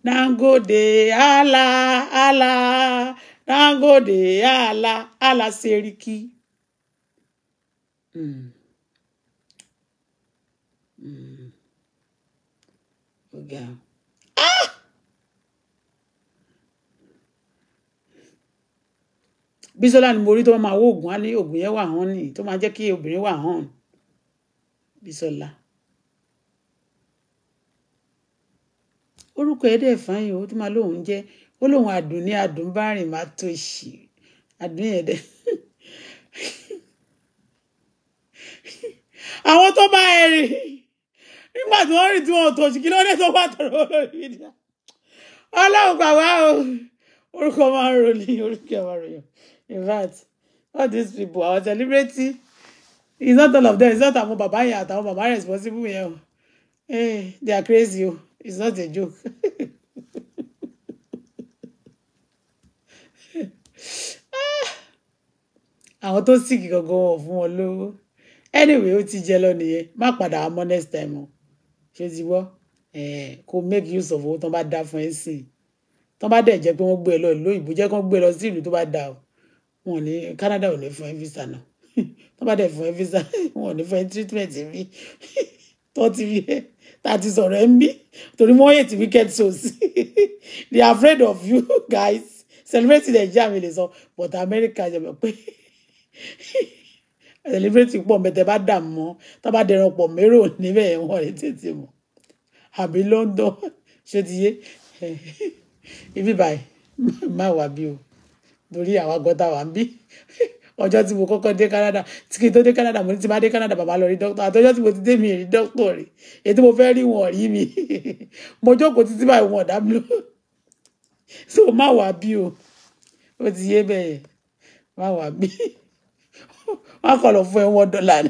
Dangote ala ala Dangote ala ala seriki. Mm. Mm. Okay bísọ́lá ni mo rí tó máa wó oògùn á ní oògùn yẹn wà hàn ní tó máa jẹ́ kí obìnrin wà hàn bísọ́lá orúkọ ẹ̀ dẹ̀ fáyìn ó tún máa lóun jẹ́ ó lóun àdùn ní àdùn bá rìn máa tó ṣì àdùn yẹn dẹ̀ àwọn tó bá ẹ rìn nígbà tí wọ́n rìn tí wọ́n tòṣì kí lóde tó bá tọrọ lórí mídíà ọlọ́run gbà wá o orúkọ máa ń ròyìn orúkọ máa ń ròyìn in fact all these people àwọn celebrity it's not all of them it's not àwọn bàbá yẹn àtàwọn bàbá responsible yẹn o eh, they are crazy o it's not a joke. àwọn tó sì kí gangan wọn fún wọn lówó anyway ó ti jẹ lọ nìyẹn má padà wá mọ́ next time o ṣé ti gbọ́ kó make use of owó tán bá dá fún ẹ sìn tán bá dẹ̀ jẹ́ pé wọ́n gbé ẹ lọ ìlú òyìnbó jẹ́ kán gbé ẹ lọ sí ìlú tó bá dá o wọn ní Canada ò ní fún ẹ visa náà tán bá dẹ̀ fún ẹ visa wọn ò ní fún ẹ treatment mi tán ti rí ẹ tá a ti sọ̀rọ̀ ẹ ń bí torí wọ́n hate wicked souls they are afraid of you guys celebrate Nigeria mi lè sọ but America jẹ́ pé celebrate pọ̀ mẹ́tẹ́ bá dà mọ́ tá bá dẹran pọ̀ mérò níbẹ̀ wọ́n lè tètè mọ̀ àbí London ṣé ti yé ibi báyìí má wà bí o torí àwa gọta wà ń bí ọjọ́ tí mo kọ́kọ́ dé Canada tí kì í tó dé Canada mo ní ti máa dé Canada bàbá lọ rí dókítà àtọjọ́ tí mo ti dé mi rí dókítà rí èyí tí mo fẹ́ rí wọn rí mi mo jókòó títí báyìí wọn dá mi lọ so má wà bí o ó ti yé bẹ́ẹ̀ má wà bí wọn kàn lọ fún ẹ wọ́n dọ́là ni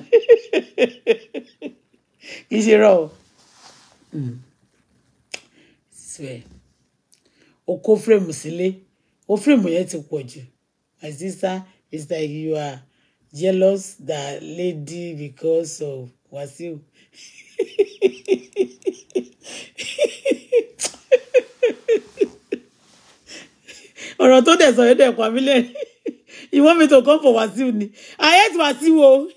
kì í ṣe rọ o hmm. o kó fírèmù sílé o fírèmù yẹn ti pọ̀ jù my sister it's like you are jealous that lady because of Wasiu. ọ̀rọ̀ tó dẹ̀ sọ yẹn dẹ̀ pa mí lẹ́yìn you want me to come for Wasiu ni? I hate Wasiu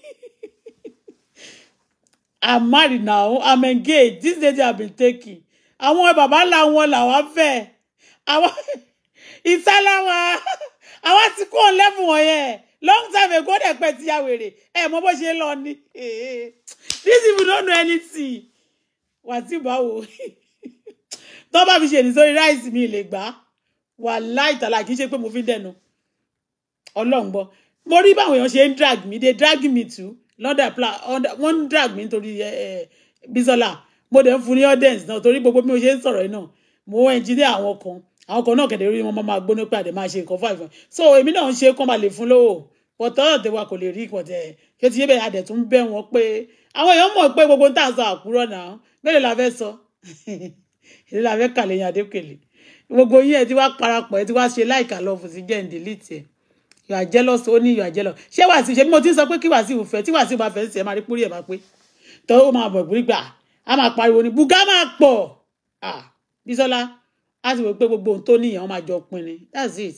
I'm married now. I'm engaged. This lady I've been taking. I want Àwọn bàbá làwọn làwọn fẹ́. Àwọn I want to go on level one yẹn. Long time ago dẹ̀ pẹ́ ti ya wèrè. Ẹ mọ bó ṣe lọ ni. This if you don't know anything. Wàsíù báwo? Tọ́ bá fi ṣèlú sórí ráìsì mi lè gbà. Wàláì tàlà kì í ṣe pé mo fi dẹnu ọlọ́run gbọ́ mo rí báwọn èèyàn ṣe ń drag me. they drag me too lọ́dà pla wọ́n ń drag mi nítorí Bisola mo dẹ̀ ń fún ní audience náà torí gbogbo bí mo ṣe ń sọ̀rọ̀ yìí náà mo engineer àwọn kan àwọn kan náà kẹ̀dẹ̀ rí wọn máa gbóná pé àdè máa ṣe nǹkan fún àìfọ̀n so èmi náà ń ṣe kán máa lè fún lówó pọ̀tọ́ ọ̀tẹ̀ wa kò lè rí ìpọ̀tẹ̀ ṣé ti yé bẹ́ẹ̀ adẹ̀ tún bẹ́ wọn pé àwọn èèyàn mọ̀ pé gbogbo tá à ń sọ àkúrọ̀ náà bẹ́ẹ̀ la fẹ́ sọ èdè la fẹ́ kàlẹ́yìn adékèlè gbogbo yín ẹ ti wá parapọ̀ ẹ ti wá ṣe láìka lọ fòsí jẹ́ ǹdílítì ẹ̀ you are jealous ó you are jealous ṣé wàásù ṣe bí mo ti ń sọ pé kí wàásù fẹ́ tí wàásù bá fẹ́ sí ẹ máa rí pórí ẹ máa pé tó o máa bọ̀ gbígbà a máa pariwo ni buga máa pọ̀ ah Bísọ́lá a ti wò pé gbogbo ohun tó níyàn wọn máa jọ pin ni that's it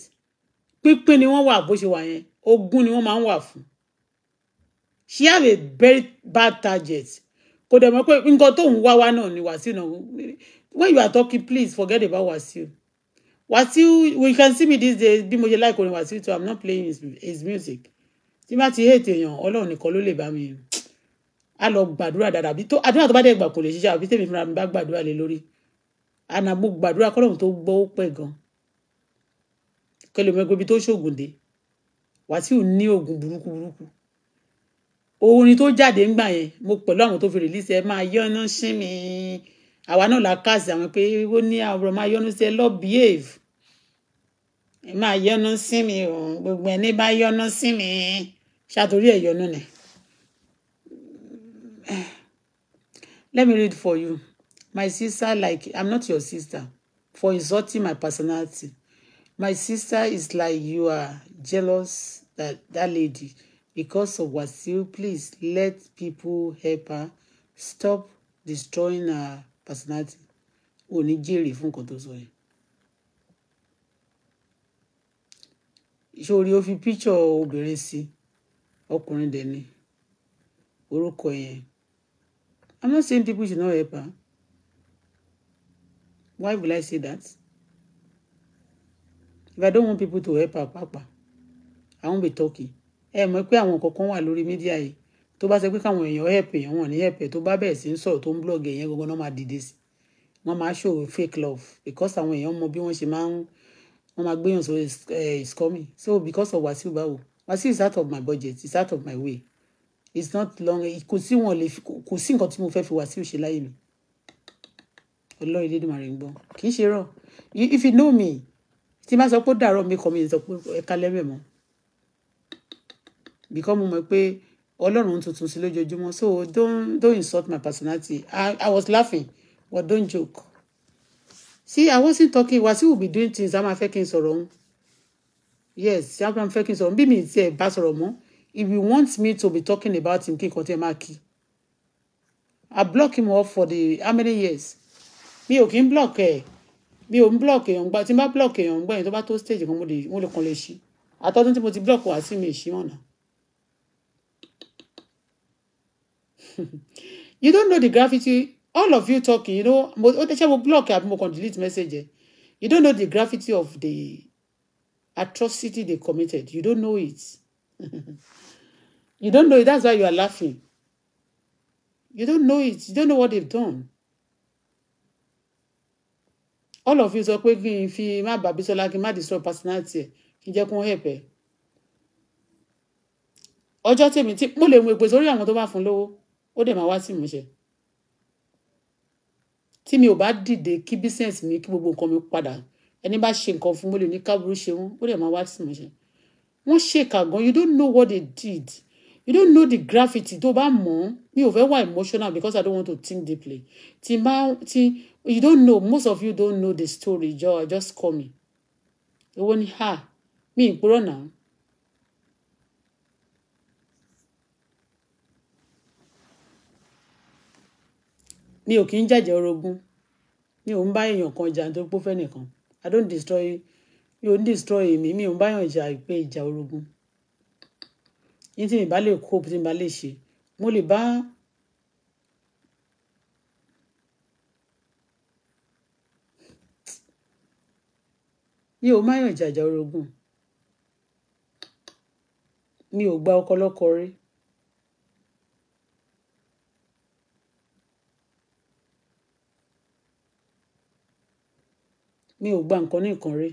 pínpín ni wọ́n wà bó ṣe wà yẹn ogún ni wọ́n máa ń wà fún she have a very bad target kò dẹ̀ mọ̀ pé nǹkan tó ń wá wá náà ni Wàsíù náà when you are talking please forget about Wàsíù Wasiu when you can see me these days bí mo ṣe like orin Wasiu too I'm not playing his, his music tí bá ti hate èèyàn Ọlọ́run nìkan ló lè bá mi a lọ gbàdúrà dáadáa bí tó àdúrà tó bá dẹ̀ gbà kò lè ṣiṣẹ́ àbí tèmi fúnra mi bá gbàdúrà lé lórí ànàbó gbàdúrà kọ́lọ́run tó gbọ́ ó pẹ́ gan kẹlẹ́mọ̀ ẹgbẹ́ ibi tó ṣoògùn dé Wàsíù ní oògùn burúkú burúkú orin tó jáde ńgbà yẹn mo pẹ̀lú àwọn tó fi rìlíìsì ẹ máa yọ́nà sí mi àwa náà la káàsì àwọn pé ó ní àwọn ọmọ ayọ́nu sí ẹ lọ behave ẹ máa yọ́nú sí mi o gbogbo ẹni bá yọ́nú sí mi ṣàtòrí ẹ yọ́nú ni. Let me read for you my sister like I'm not your sister for insulting my personality my sister is like you are jealous that that lady because of Wasiu please let people help her stop destroying her personality o ní jèrè fún nǹkan tó sọ yẹn. sórí ó fi píṣọ obìnrin sí ọkùnrin dẹ̀ ni orúkọ yẹn I'm not saying people should not help her why would I say that if I don't want people to help her papa I won't be talking ẹ mọ̀ pé àwọn kọ̀ọ̀kan wà lórí mídíà yìí tó bá ṣe pé káwọn èèyàn help èèyàn wọn ní help tó bá bẹ̀rẹ̀ sí ń sọ̀rọ̀ tó ń blog èèyàn gangan náà máa dìde sí wọ́n máa show fake love because àwọn èèyàn mọ bí wọ́n ṣe máa ń wọ́n máa gbéyàn so eh, it's coming so because of Wasiu báwo Wasiu is out of my budget it's out of my way it's not long kò sí wọn lè kò sí nǹkan tí mo fẹ́ fi Wasiu ṣe láyé mi ọlọ́run ilé ìdìmọ̀ rẹ̀ ń gbọ́ kì í ṣe rọ̀ if you know me tí bá sọ pé ó dàrọ̀ mi kọ́ mi sọ pé ẹ̀ka lẹ́mẹ̀ mọ́ because mo mọ̀ pé ọlọ́run tuntun sí lójoojúmọ́ so don't don't insult my personality I, I was laughing but don't joke see I wasn't talking Wasiu will be doing things a máa fẹ́ kí sọ̀rọ̀ òun yes a máa fẹ́ kí n sọ̀rọ̀ òun bí mi tiẹ̀ bá sọ̀rọ̀ mọ́ if you want me to be talking about him kí n kàn tẹ́ máa kí I block him off for the how many years mi ò kí ń block ẹ̀ mi ò ń block èèyàn gbà tí n bá block èèyàn gbà yẹn tó bá tó stage kan mo lè kàn lè ṣí àtọ́dún tí mo ti block wá sí mi ìṣí mọ̀nà. you don't know the gravity all of you talking you know mo ó tẹ́sẹ̀ mo block àbí mo kàn delete message you don't know the gravity of the atrocity they committed you don't know it you don't know it that's why you are laughing you don't know it you don't know what they've done all of you sọ pé kí n fi má bàbí sọlá kí n má disturb personality ẹ kí n jẹ́ kún help ẹ ọjọ́ tèmi tí mo lè mú èpè sórí àwọn tó bá fún lówó ó dẹ̀ máa wá sí ìmúṣẹ tí mi ò bá dìde kí business mi kí gbogbo nǹkan mi padà ẹni bá ṣe nǹkan fún mi lè ní káàbùrú ṣe wọn ó dẹ̀ máa wá sí ìmúṣẹ wọ́n ṣe kàgan you don't know what they did you don't know the graffiti tó bá mọ̀ mi ò fẹ́ wà emotional because i don't want to think deeply tí n bá you don't know most of you don't know the story jọ just call me owó ni ha mi ìpúrọ̀ náà mi ò kì í jàjẹ́ orogún mi ò ń bá èèyàn kan jà nítorí pé ó fẹ́ nìkan i don't destroy mi ò ń destroy èmi mi ò ń bá èèyàn jà pé ìjà orogún yín tí mi bá lè cope tí mi bá lè ṣe mo lè bá mi ò máyàn jàjà orogún mi ò gba ọkọ lọ́kọ rí mi ò gba nǹkan ní nǹkan rí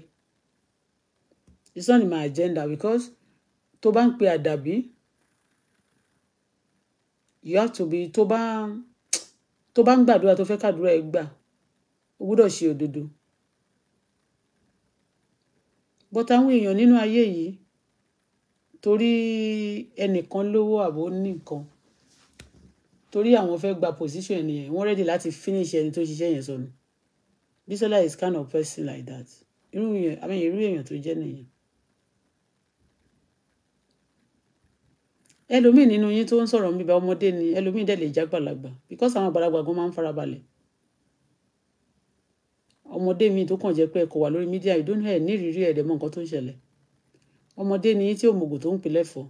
it's not in my agenda because tó bá ń pe àdàbí you have to be tó bá tó bá ń gbàdúrà tó fẹ́ kàdúrà ẹ gbà o gbúdọ̀ ṣe òdodo but àwọn èèyàn nínú ayé yìí torí ẹnìkan lówó àbò nìkan torí àwọn fẹ́ gba position ẹni yẹn wọ́n rẹ́dì láti finish ẹni tó ṣiṣẹ́ yẹn sọnù. So Bisola is kind of person like that irú yẹn I mean you really, tó jẹ́ nìyẹn. ẹlòmíì nínú yín tó ń sọ̀rọ̀ mi bá ọmọdé ni ẹlòmíì dẹ̀ lè já gbàlagbà because àwọn àgbàlagbà gan máa ń farabalẹ̀ ọmọdé mi tó kàn jẹ́ pé ẹ̀kọ́ wà lórí mídíà you don't hear nírìírí ẹ̀dẹ̀ mọ̀ nǹkan tó ń ṣẹlẹ̀ ọmọdé ni yín tí òmùgò tó ń pilẹ̀ fọ́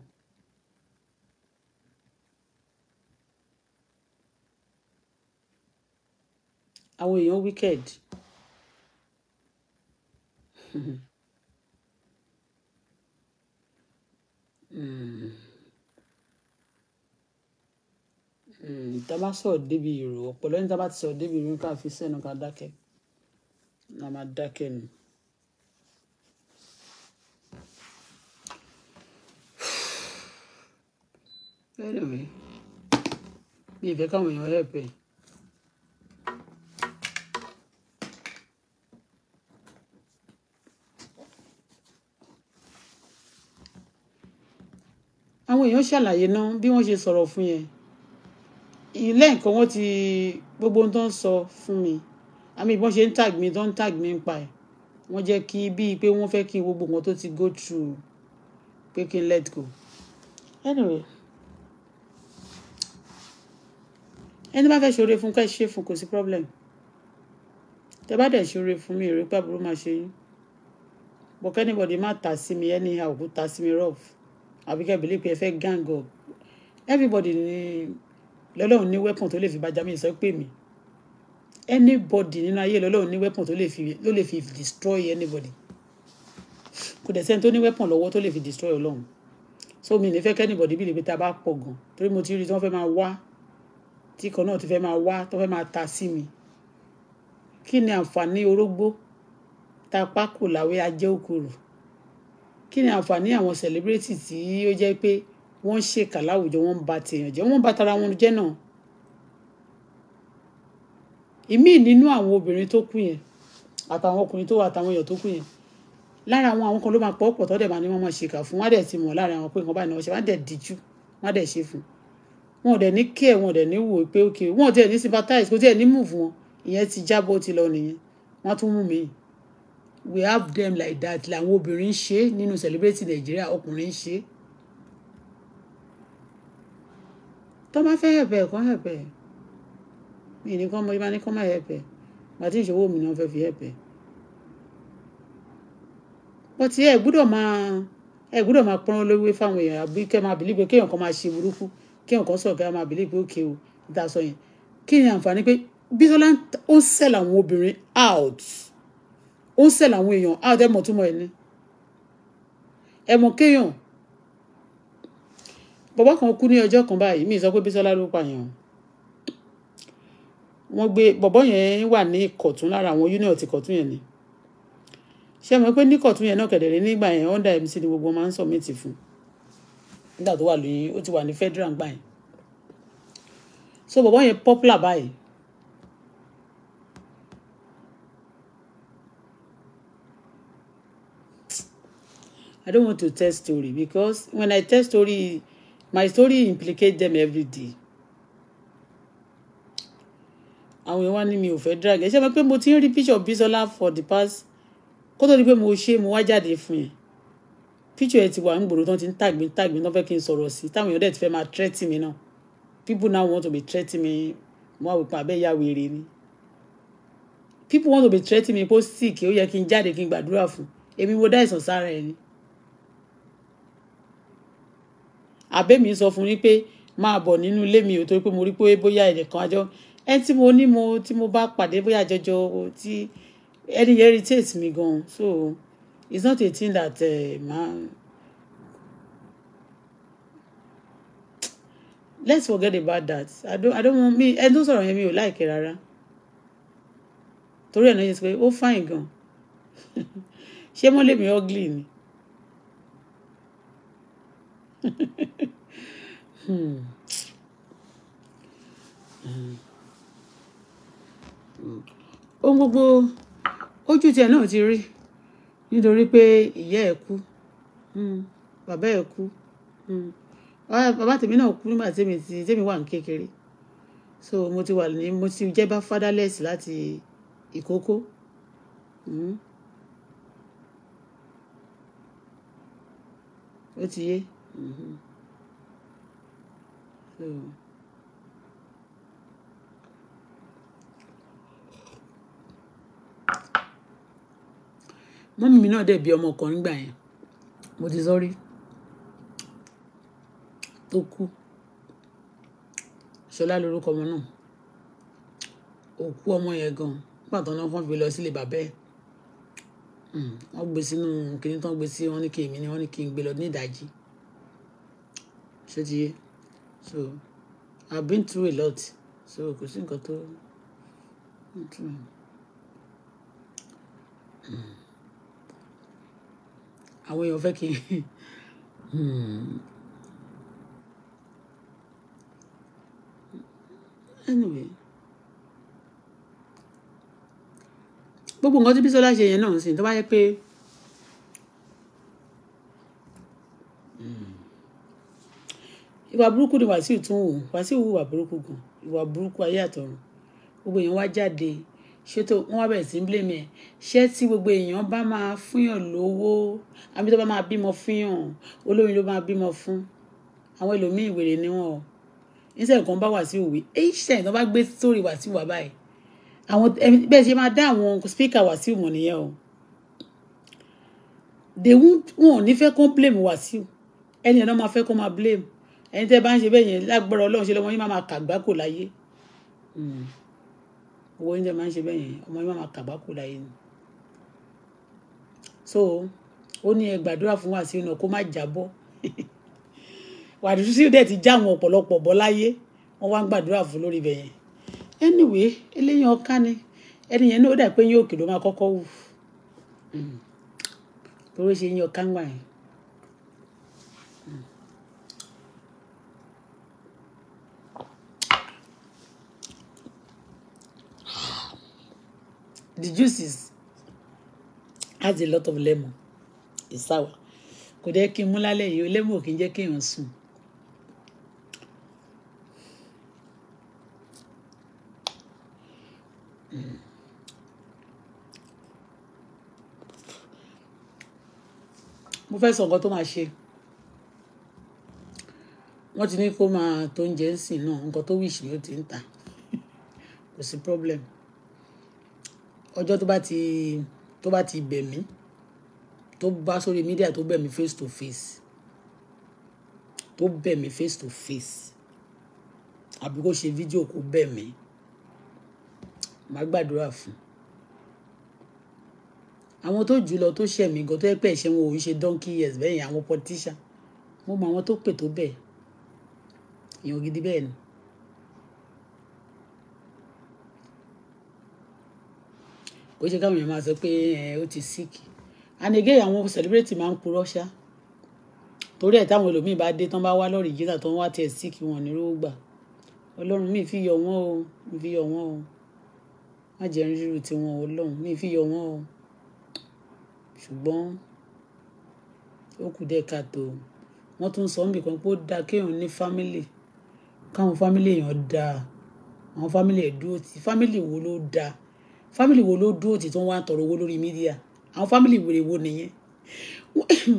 àwọn wicked Mm. Mm. tá a bá sọ̀rọ̀ débi ìrò ọ̀pọ̀lọ́ ní tá a bá ti sọ̀rọ̀ débi ìrò ká fi sẹ́nu ká dákẹ́ ká máa dákẹ́ ni. anyway mi ìfẹ́ káwọn èèyàn help ẹ̀. èèyàn ṣàlàyé náà bí wọ́n ṣe sọ̀rọ̀ fún yẹn ilé wọ́n ti gbogbo ohun tó ń sọ fún mi àmì ìbọn ṣe ń tag mi tó ń tag mi ń pa ẹ̀ wọ́n jẹ́ kí bíi pé wọ́n fẹ́ kí gbogbo nǹkan tó ti go through pé kí n let go anyway ẹni bá fẹ́ ṣoore fún kẹ́ ṣe fún kò sí problem tẹ bá dẹ̀ ṣoore fún mi èrè pàbùrù máa ṣe yín but anybody má ta sí mi anyhow kó ta sí mi rough àbíkẹ́ believe pé ẹ fẹ́ gang up everybody ni lọ́lọ́run ní weapon tó lè fi bàjá mi sọ pé mi anybody nínú ayé lọ́lọ́run ní weapon tó lè fi ló fi destroy anybody kò dẹ̀ sẹ́ni tó ní weapon lọ́wọ́ tó lè fi destroy ọlọ́run so mi ní fẹ́ kẹ́nìbọ̀dì bíi lè pé ta bá pọ̀ gan torí mo ti rí tí wọ́n fẹ́ máa wá tí kan náà ti fẹ́ máa wá tó fẹ́ máa ta sí mi kí ni àǹfààní orógbó ta pákó làwé ajé òkúrò kí ni àǹfààní àwọn celebrity tí ó jẹ́ pé wọ́n ṣèkà láwùjọ wọ́n ń ba tèèyàn jẹ́ wọ́n ń ba tara wọn jẹ́ náà ìmíì nínú àwọn obìnrin tó kú yẹn àtàwọn ọkùnrin tó wà àtàwọn èèyàn tó kú yẹn lára àwọn àwọn kan ló máa pọ̀ pọ̀ tọ́dẹ̀ máa ní wọ́n máa ṣèkà fún wọn á dẹ̀ ti mọ̀ lára àwọn pé nǹkan báyìí ni wọ́n ṣe wọ́n á dẹ̀ díjú wọ́n á dẹ̀ ṣe fún wọn ò dẹ̀ ní kí ẹ̀ wọn ò dẹ̀ ní wò pé ó wọn ò dẹ̀ ní sympathize kò tiẹ̀ ní move wọn ìyẹn ti jábọ́ ti lọ nìyẹn wọ́n á tún mú mi yìí we have them like that làwọn obìnrin ń ṣe nínú celebrate Nigeria ọkùnrin ń ṣe tó máa fẹ́ hẹ̀pẹ̀ kọ́ hẹ̀pẹ̀ mi ní kọ́ mọ ibà ní kọ́ máa hẹ̀pẹ̀ bàtí ìṣòwò mi náà fẹ́ fi hẹ̀pẹ̀ wọ́n ti ẹ̀ gbúdọ̀ máa ẹ̀ gbúdọ̀ máa pọ́n lówó fáwọn èèyàn àbí kẹ́ máa bìlí pé kéèyàn kan máa ṣe burúkú kéèyàn kan sọ̀rọ̀ kẹ́ máa bìlí pé òkè o ìta sọ yẹn kí ni àǹfààní pé Bísọ́lá ó ń sell àwọn obìnrin out ó ń sẹ̀ làwọn èèyàn á dẹ́ mọ̀ túmọ̀ ẹ̀ ni ẹ̀mọ̀ kéèyàn bàbá kan kú ní ọjọ́ kan báyìí mi sọ pé Bísọ́lá ló pààyàn wọ́n gbé bọ̀bọ́ yẹn wà ní Ìkọ̀tún lára àwọn union ti Ìkọ̀tún yẹn ni ṣé mọ̀ pé ní Ìkọ̀tún yẹn náà kẹ̀dẹ̀rẹ́ nígbà yẹn under MC ni gbogbo máa ń submit fún nígbà tó wà lóyún ó ti wà ní federal gbà yẹn so bọ̀bọ́ yẹn popular báyìí I don't want to tell story because when I tell story, my story implicates them every day. Àwọn èèyàn wá ní mi ò fẹ́ drag ẹ ṣe mọ̀ pé mo ti ń rí picture Bisola for the past kó tó di pé mo ṣe mo wá jáde fún yẹn picture ẹ ti wà ń gbòòrò tán ti ń tàgbé tàgbé tán fẹ́ kí n sọ̀rọ̀ sí táwọn èèyàn dẹ̀ ti fẹ́ máa threaten mi náà people now want to be threatening me mo wá wò pé abẹ́ ya wèrè ni people want to be threatening me pé ó sick ó yẹ kí n jáde kí n gbàdúrà fún èmi mo dá ìsàn sára ẹni àbẹ́mi sọ fún mi pé máa bọ̀ nínú ilé mi ò torí pé mo rí pé bóyá ẹnìkan àjọ ẹni tí mo ní mo tí mo bá pàdé bóyá àjọjọ tí ẹni yẹn irritate mi gan so it's not a thing that uh, let's forget about that i don't i don't want me ẹni tó sọ̀rọ̀ yẹn mi ò láìké e rárá torí ẹ̀ náà yẹn sọ pé ó fine gan ṣé mọ́lẹ́mi ugly ni hmm. ohun gbogbo ojú tiẹ̀ náà ti rí nítorí pé ìyá ẹ̀ kú hmm. bàbá ẹ̀ kú hmm. bàbá tèmi náà kú nígbà tèmi ti tèmi wà ní kékeré so mo ti wà ní mo ti jẹ́ bá fatherless láti ìkókó. Hmm. ó ti yé. Mm-hmm. So. mọ́mì mi náà dẹ̀ bí ọmọ kan nígbà yẹn mo ti sọ́rí tó kú ṣọlá lórúkọ ọmọ náà òkú ọmọ yẹn gan nígbà tó náà fọ́n fi lọ sílé bàbá ẹ̀ mm-hmm. wọ́n gbé sínú kinní tán gbé sí wọn ní kí èmi ni wọ́n ní kí n gbé lọ ní ìdájí ṣètìyé so i been through a lot so kò sí nǹkan tó àwọn èèyàn fẹ́ kí hmm. anyway gbogbo nǹkan tí Bísọ́lá ṣe yẹn náà ń sìn tó bá yẹ pé. ìwà burúkú ni Wàsíù tún wù Wàsíù wù ìwà burúkú gan ìwà burúkú ayé àtọ̀run gbogbo èèyàn wá jáde ṣé tó wọn wá bẹ̀rẹ̀ sí ń blame ẹ̀ ṣé tí gbogbo èèyàn bá máa fúnyàn lówó àbí tó bá máa bímọ fúnyàn olórin ló máa bímọ fún àwọn ẹlòmíín ìwèrè ni wọn o níṣẹ́ nǹkan bá Wàsíù wí each time tó bá gbé sórí Wàsíù wà báyìí àwọn bẹ́ẹ̀ ṣe máa dá àwọn speaker Wàsíù mọ̀ nìyẹn o they won't wọn ò ní fẹ́ kó blame Wàsíù ẹni ẹ̀ náà máa fẹ́ kó máa blame ẹni tẹ́ bá ń ṣe bẹ́ẹ̀ yẹn lágbára ọlọ́run ṣe lọ́mọ yín máa máa kàgbákò láyé owó oúnjẹ máa ń ṣe bẹ́ẹ̀ yẹn ọmọ yín máa máa kàgbákò láyé ni so ó ní ẹ gbàdúrà fún Wasiu náà kó má jábọ́ Wasiu dẹ̀ ti já àwọn ọ̀pọ̀lọpọ̀ bọ́ láyé wọ́n wá ń gbàdúrà fún lórí ibẹ̀ yẹn anyway eléyìí ọ̀ká ni ẹni yẹn náà ó dà pé yín òkè ló máa kọ́kọ́ wù hmm. torí ṣe yín ọ̀ká gbà yẹn. the juice is has a lot of lemon it's sour kò dẹ́ kí n mú lálẹ́ yìí lemon ò kí n jẹ́ kéèyàn sùn. mo fẹ́ sọ nǹkan tó máa ṣe wọ́n ti ní kó máa tó oúnjẹ ń sìn náà nǹkan tó wíṣì ló ti ń tà kò sí problem ọjọ́ tó bá ti tó bá ti bẹ̀ mí tó bá sórí mídíà tó bẹ̀ mí face to face tó bẹ̀ mí face to face àbí kó ṣe fídíò kó bẹ̀ mí màá gbàdúrà fún àwọn tó jù lọ tó ṣẹ̀ mí gan tó yẹ pé ẹ̀ṣẹ̀ wọn ò ń ṣe donkey years bẹ́ẹ̀ yẹn àwọn politician mo mọ àwọn tó pè tó bẹ́ẹ̀ èèyàn gidi bẹ́ẹ̀ ni kò ṣe káwọn èèyàn máa sọ pé ó ti sick and again àwọn celebrate máa ń purọ́ ṣá torí ẹ̀ táwọn ẹlòmíín bá dé tán bá wá lọ́rọ̀ ìjìnà tó ń wá tiẹ̀ sick wọn ní rówó gbà ọlọ́run mi fi yọ wọ́n o mi fi yọ wọ́n o má jẹ́ ríru tiwọn ọlọ́run mi fi yọ wọ́n o ṣùgbọ́n ó kù dé kàtó wọ́n tún sọ níbi kan pé ó dáa kéèyàn ní fámìlì káwọn fámìlì èèyàn dáa àwọn Family ẹ̀ dúró ti fámìlì wo ló dáa family wo ló dúró tí tó ń wá tọrọ owó lórí mídíà àwọn family wèrè wo nìyẹn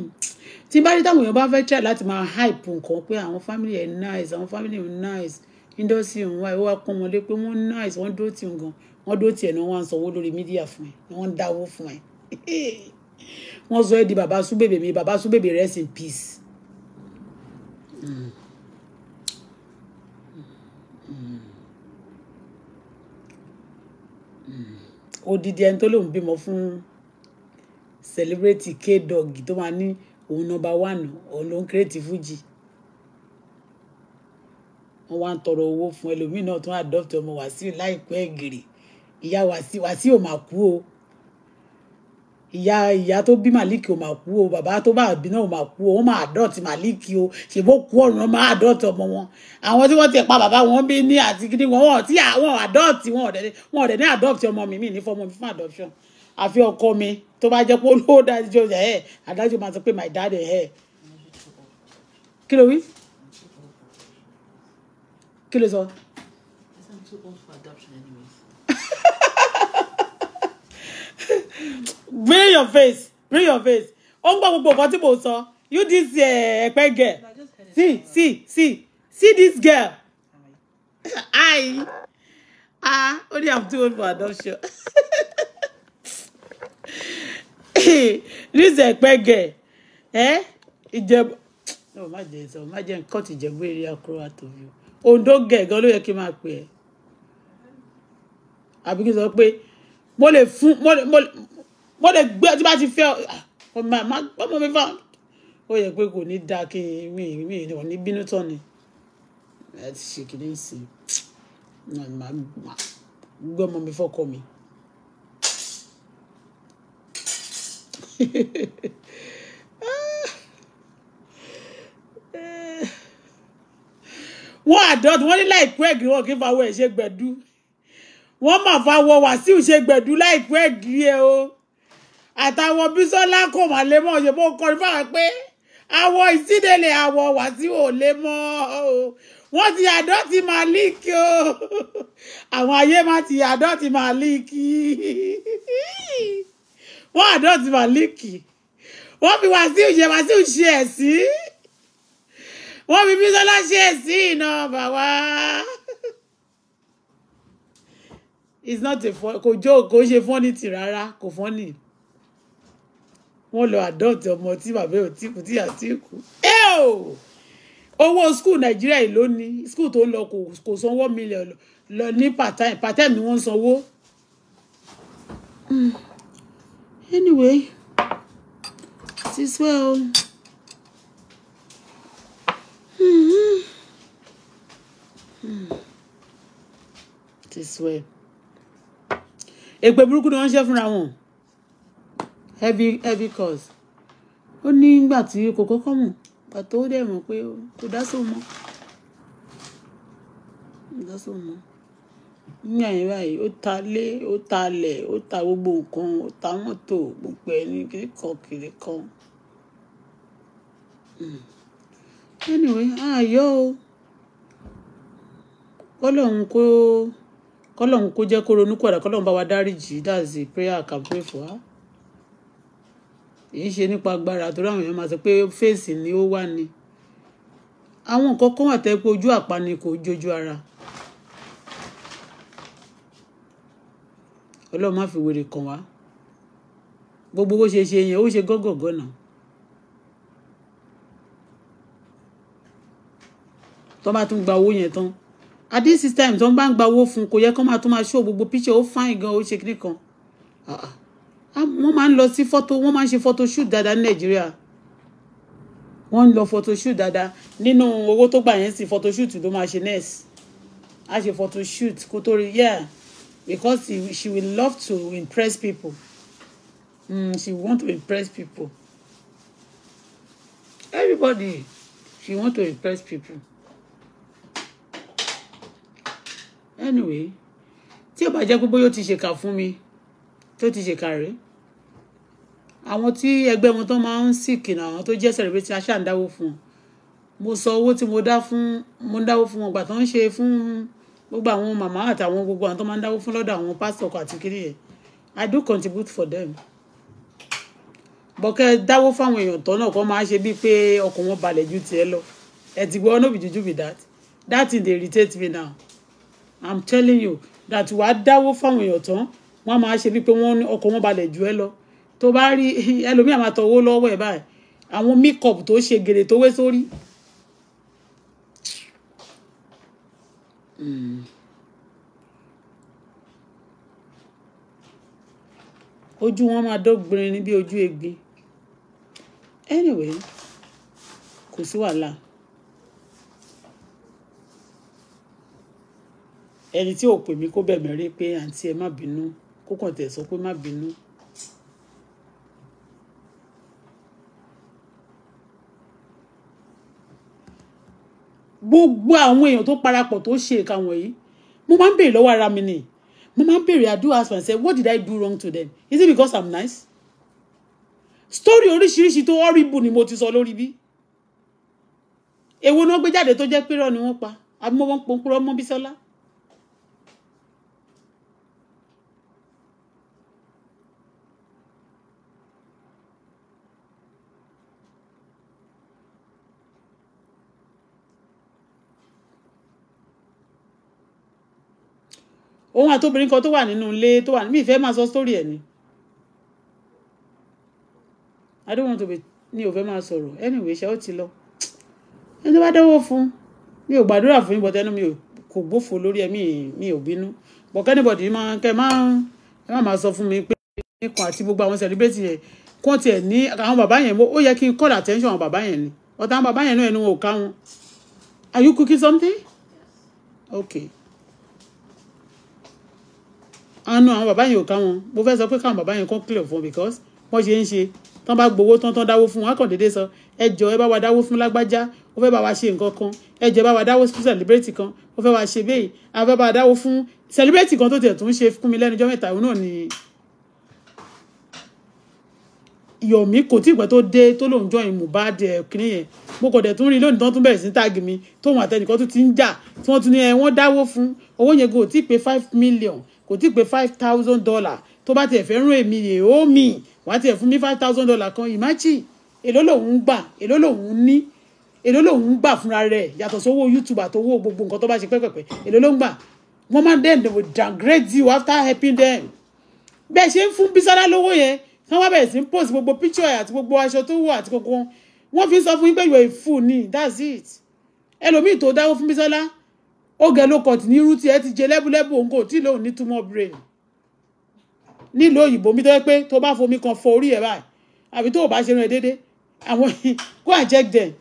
tí bá rí táwọn èèyàn bá fẹ́ try láti máa hype nǹkan pé àwọn family ẹ̀ nice àwọn family ẹ̀ nice industry ń wá ìwà pọ́n wọn lé pé wọ́n nice wọ́n dúró tì ń gan wọ́n dúró tì ẹ̀ náà wọ́n á sanwó lórí mídíà fún ẹ̀ wọ́n ń dáwó fún ẹ̀ wọ́n sọ ẹ́ di bàbá súbèbè mi bàbá súbèbè rest in peace. Mm. odidi ẹni tó lòun bímọ fún celebrity K-Dog tó máa ní òun nọmba one òun ló ń kírètì fújì wọn wá ń tọrọ owó fún ẹlòmíín náà tó ń adopt ọmọ Wàsíù láìpẹ́ gèrè ìyá Wàsíù Wàsíù ò mà kú o ìyá ìyá tó bí Malik ò máa kú o bàbá tó bá bí náà ò máa kú o wọ́n máa adult Malik o ṣèbó kú ọ̀run wọn máa adult ọmọ wọn àwọn tí wọ́n ti pa bàbá wọn bí ní àti gidi wọn wọn tí àwọn adult wọn ọ̀dẹ̀ wọn ọ̀dẹ̀ ní adopt ọmọ mi mi ní fọmọ mi fún adoption àfi ọkọ mi tó bá jẹ́ pé olówó dájọ́ ẹ̀ adájọ́ máa sọ pé my dad ẹ̀ kí ló wí kí ló sọ. I'm bring your face bring your face ó ń gbọ́ gbogbo nǹkan tí mo sọ you this eh, ẹ̀pẹ́ girl see see see see this girl hi ah only i'm too old for adoption this ẹ̀pẹ́ girl ẹ eh, ìjẹ̀bú no má jẹ ìsọ má jẹ nǹkan ti jẹ̀bú èrè akúrò àtòbí Ondo girl gan ló yẹ kí n máa pè ẹ́ àbí kí n sọ pé mo lè fún mo lè wọ́n lè gbé ọtí bá ti fẹ́ ah, ọmọ mi fà ó yẹ pé kò ní dáa kí mi mi ò ní bínú tán ni ẹ ti ṣe kìíní sí i gbé ọmọ mi fọkọ mi. wọ́n àdọ́tù wọ́n ní láìpẹ́ ẹ̀gì wọn kí n fa owó ẹ̀ ṣe gbẹ̀dú wọ́n mà fa wọ Wàsíù ṣe gbẹ̀dú láìpẹ́ ẹ̀gì ẹ̀ o àtàwọn Bísọ́lá kò wà lé mọ́ ṣe bó kọrin fáwọn pé àwọ̀ ìsídẹ̀lẹ̀ àwọ̀ wà tí ò lé mọ́ o wọ́n ti àdọ́tì máa líìkì o àwọn ayé máa ti àdọ́tì máa líìkì wọ́n àdọ́tì máa líìkì wọ́n fi Wàsíù ṣe Wàsíù ṣe ẹ̀ sí wọ́n fi Bísọ́lá ṣe ẹ̀ sí iná bàwá. it's not a fun kò jó kò ṣe fọ́nì tì rárá kò fọ́nì wọ́n lọ àdọ́ọ̀tì ọmọ tí bàbá ò tí kú tí àti kú. owó skul nàìjíríà yìí ló ní skul tó lọ kò sanwó mílíọ̀nù lọ ní part-time part-time ni wọ́n sanwó. Hmm. anyway it is well. Mm-hmm. Mm. It is well. èpè burúkú ni wọ́n ń ṣe fúnra wọn. heavy heavy cause ó ní ìgbà tí kò kọ́kọ́ mọ̀ pàtó ó dẹ̀ mọ̀ pé kò dá sóun mọ́ dá sóun mọ́ ní yẹn báyìí ó ta lé ó ta lẹ̀ ó ta gbogbo nǹkan ó ta mọ́tò gbogbo ẹni kìrìkan kan hmm. anyway ayọ̀ o kọ́lọ́hún kó kọ́lọ́hún kó jẹ́ kó ronú kọ́lọ́hún bá wa dáríjì the prayer I can kì í ṣe nípa agbára torí àwọn èèyàn máa sọ pé fèsì ni ó wà ní àwọn nǹkan kan wà tẹ́ pé ojú àpáni kò jojú ara ọlọ́run má fi wèrè kàn wá gbogbo bó ṣe ṣe yẹn ó ṣe gọ́gọ̀gọ́ náà tó bá tún gba owó yẹn tán at this time tó ń bá ń gba owó fún kò yẹ kó máa tún máa ṣó gbogbo picture ó fáìn gan ó ṣe kíní kan ah, ah. Ah, wọ́n máa ń lọ sí fọ́tò wọ́n máa ń ṣe fọ́tò shoot dáadáa ní nàìjíríà wọ́n ń lọ fọ́tò shoot dáadáa nínú owó tó gbà yẹn sí fọ́tò shoot ló máa ṣe next a ṣe fọ́tò shoot kó tó rí yeah because he, she will love to impress people mm, she want to impress people everybody she want to impress people anyway tí ó bá jẹ́ pé bóyá ó ti ṣèkà fún mi tó ti ṣèkà rèé àwọn tí ẹgbẹ́ wọn tó máa ń sìkì náà àwọn tó jẹ́ celebrity aṣáà ń dáwó fún wọn mo sọ owó tí mo dá fún mo ń dáwó fún wọn gbà tó ń ṣe fún gbogbo àwọn màmá àtàwọn gbogbo àwọn tó máa ń dáwó fún lọ́dọ̀ àwọn pásítọ̀ àti kiri yẹn I do contribute for them bọ́kẹ́ dáwó fáwọn èèyàn tọ́ náà kọ́ máa ṣe bíi pé ọkàn wọn balẹ̀ ju tiẹ̀ lọ ẹ ti gbọ́ no be juju be that that thing dey irritate me now I'm telling you that wàá dáwó fáwọn èèyàn tán wọ́n máa ṣe bíi pé ọkàn wọn balẹ̀ ju ẹ lọ tó bá rí ẹlòmíì àmà tọwọ́ lọ́wọ́ ẹ̀ báyìí àwọn makeup tó ṣe gèrè tó wé sórí. Hmm. ojú wọn máa dọ́gbìnrin ní bí ojú egbin anyway kò sí wàhálà ẹni tí ò pè mí kó bẹ̀ mẹ́rin pé àǹtí ẹ má bínú kó tẹ̀ sọ pé má bínú. gbogbo àwọn èèyàn tó parapọ̀ tó ṣe nǹkan wọ̀nyí mo máa ń béèrè lọ́wọ́ ara mi ni mo máa ń béèrè I do ask myself what did I do wrong to them is it because I'm nice story oríṣiríṣi tó horrible ni mo ti sọ lórí bí èwo ni wọ́n gbé jáde tó jẹ́ pé rọ́ ni wọ́n pa àbí mo wọ́n pọ̀ ń purọ́ mọ́ Bísọ́lá òun àtobìnrin kan tó wà nínú ilé tó wà mí ìfẹ́ máa sọ sórí ẹ̀ ni I don't want to be ní òfẹ́ máa sọ̀rọ̀ anyway ṣe ó ti lọ ẹni tó bá dẹ́wọ́ fún mi ò gbàdúrà fún yín bọ́tẹ́ ẹnu mi ò kò gbófo lórí ẹ mi ò bínú but kẹ́nìbọ̀dì máa kẹ́ máa ẹ má máa sọ fún mi pé nìkan àti gbogbo àwọn celebrate yẹn kó tiẹ̀ ní àwọn bàbá yẹn ó yẹ kí n call attention àwọn bàbá yẹn ni ọ̀tá àwọn bàbá yẹn náà ẹnu wọn ò ká wọn are you cooking something? okay àánú àwọn bàbá yẹn ò ká wọn mo fẹ́ sọ pé káwọn bàbá yẹn kàn clear fún because wọ́n ṣe ń ṣe tán bá gbowó tán tán dáwó fún wọn á kàn déédéé sọ ẹ jọ ẹ bá wa dáwó fún lágbájá ó fẹ́ bá wa ṣe nǹkan kan ẹ jọ ẹ bá wa dáwó fún celebrate kan ó fẹ́ wa ṣe bẹ́ẹ̀ a fẹ́ bá wa dáwó fún celebrate kan tó tiẹ̀ tún ṣe fún mi lẹ́nujọ́ mẹ́ta òun náà ni yọ̀mí kò tí ì pẹ́ tó dé tó lòun join Mohbad eh, kìnìún yẹn mo kò dẹ̀ tún rí lónìí tán tún bẹ̀rẹ̀ sí táàgì mi tóun àtẹnìkan tún ti ń jà tí wọ́n tún ní ẹ wọ́n dáwó fún owó yẹn kò tí ì pé five million kò tí pé five thousand dollar tó bá tiẹ̀ fẹ́ rún èmi yè ó mi wà á tiẹ̀ fún mi five thousand dollar kan ìmáàchì èló lòun gbà èló lòun ní èló lòun gbà fúnra rẹ̀ yàtọ̀ sówó youtube àtọwó gbogbo nǹkan tó bá ṣe pẹ́pẹ́pẹ́ èló ló ń gbà wọ́n máa dem they will downgrade you after helping them bẹ́ẹ̀ ṣe ń fún Bísọ́lá lówó yẹn tí wọ́n bá bẹ̀rẹ̀ sí ń post gbogbo picture àti gbogbo aṣọ tó wọ̀ àti gbogbo wọn fi ń sọ fún yín pé you are a fool ni that's it ẹlòmíì tó dáwó fún Bísọ́lá oge ló kọ̀tì ní irú tí ẹ ti jẹ lẹ́bùlẹ́bù òun kò tí lóun ní túmọ̀ brain nílùú òyìnbó mi tó yẹ pé tó bá fomi kan fọ orí ẹ̀ báyìí àbí tó o bá ṣe rìn déédéé àwọn go and check them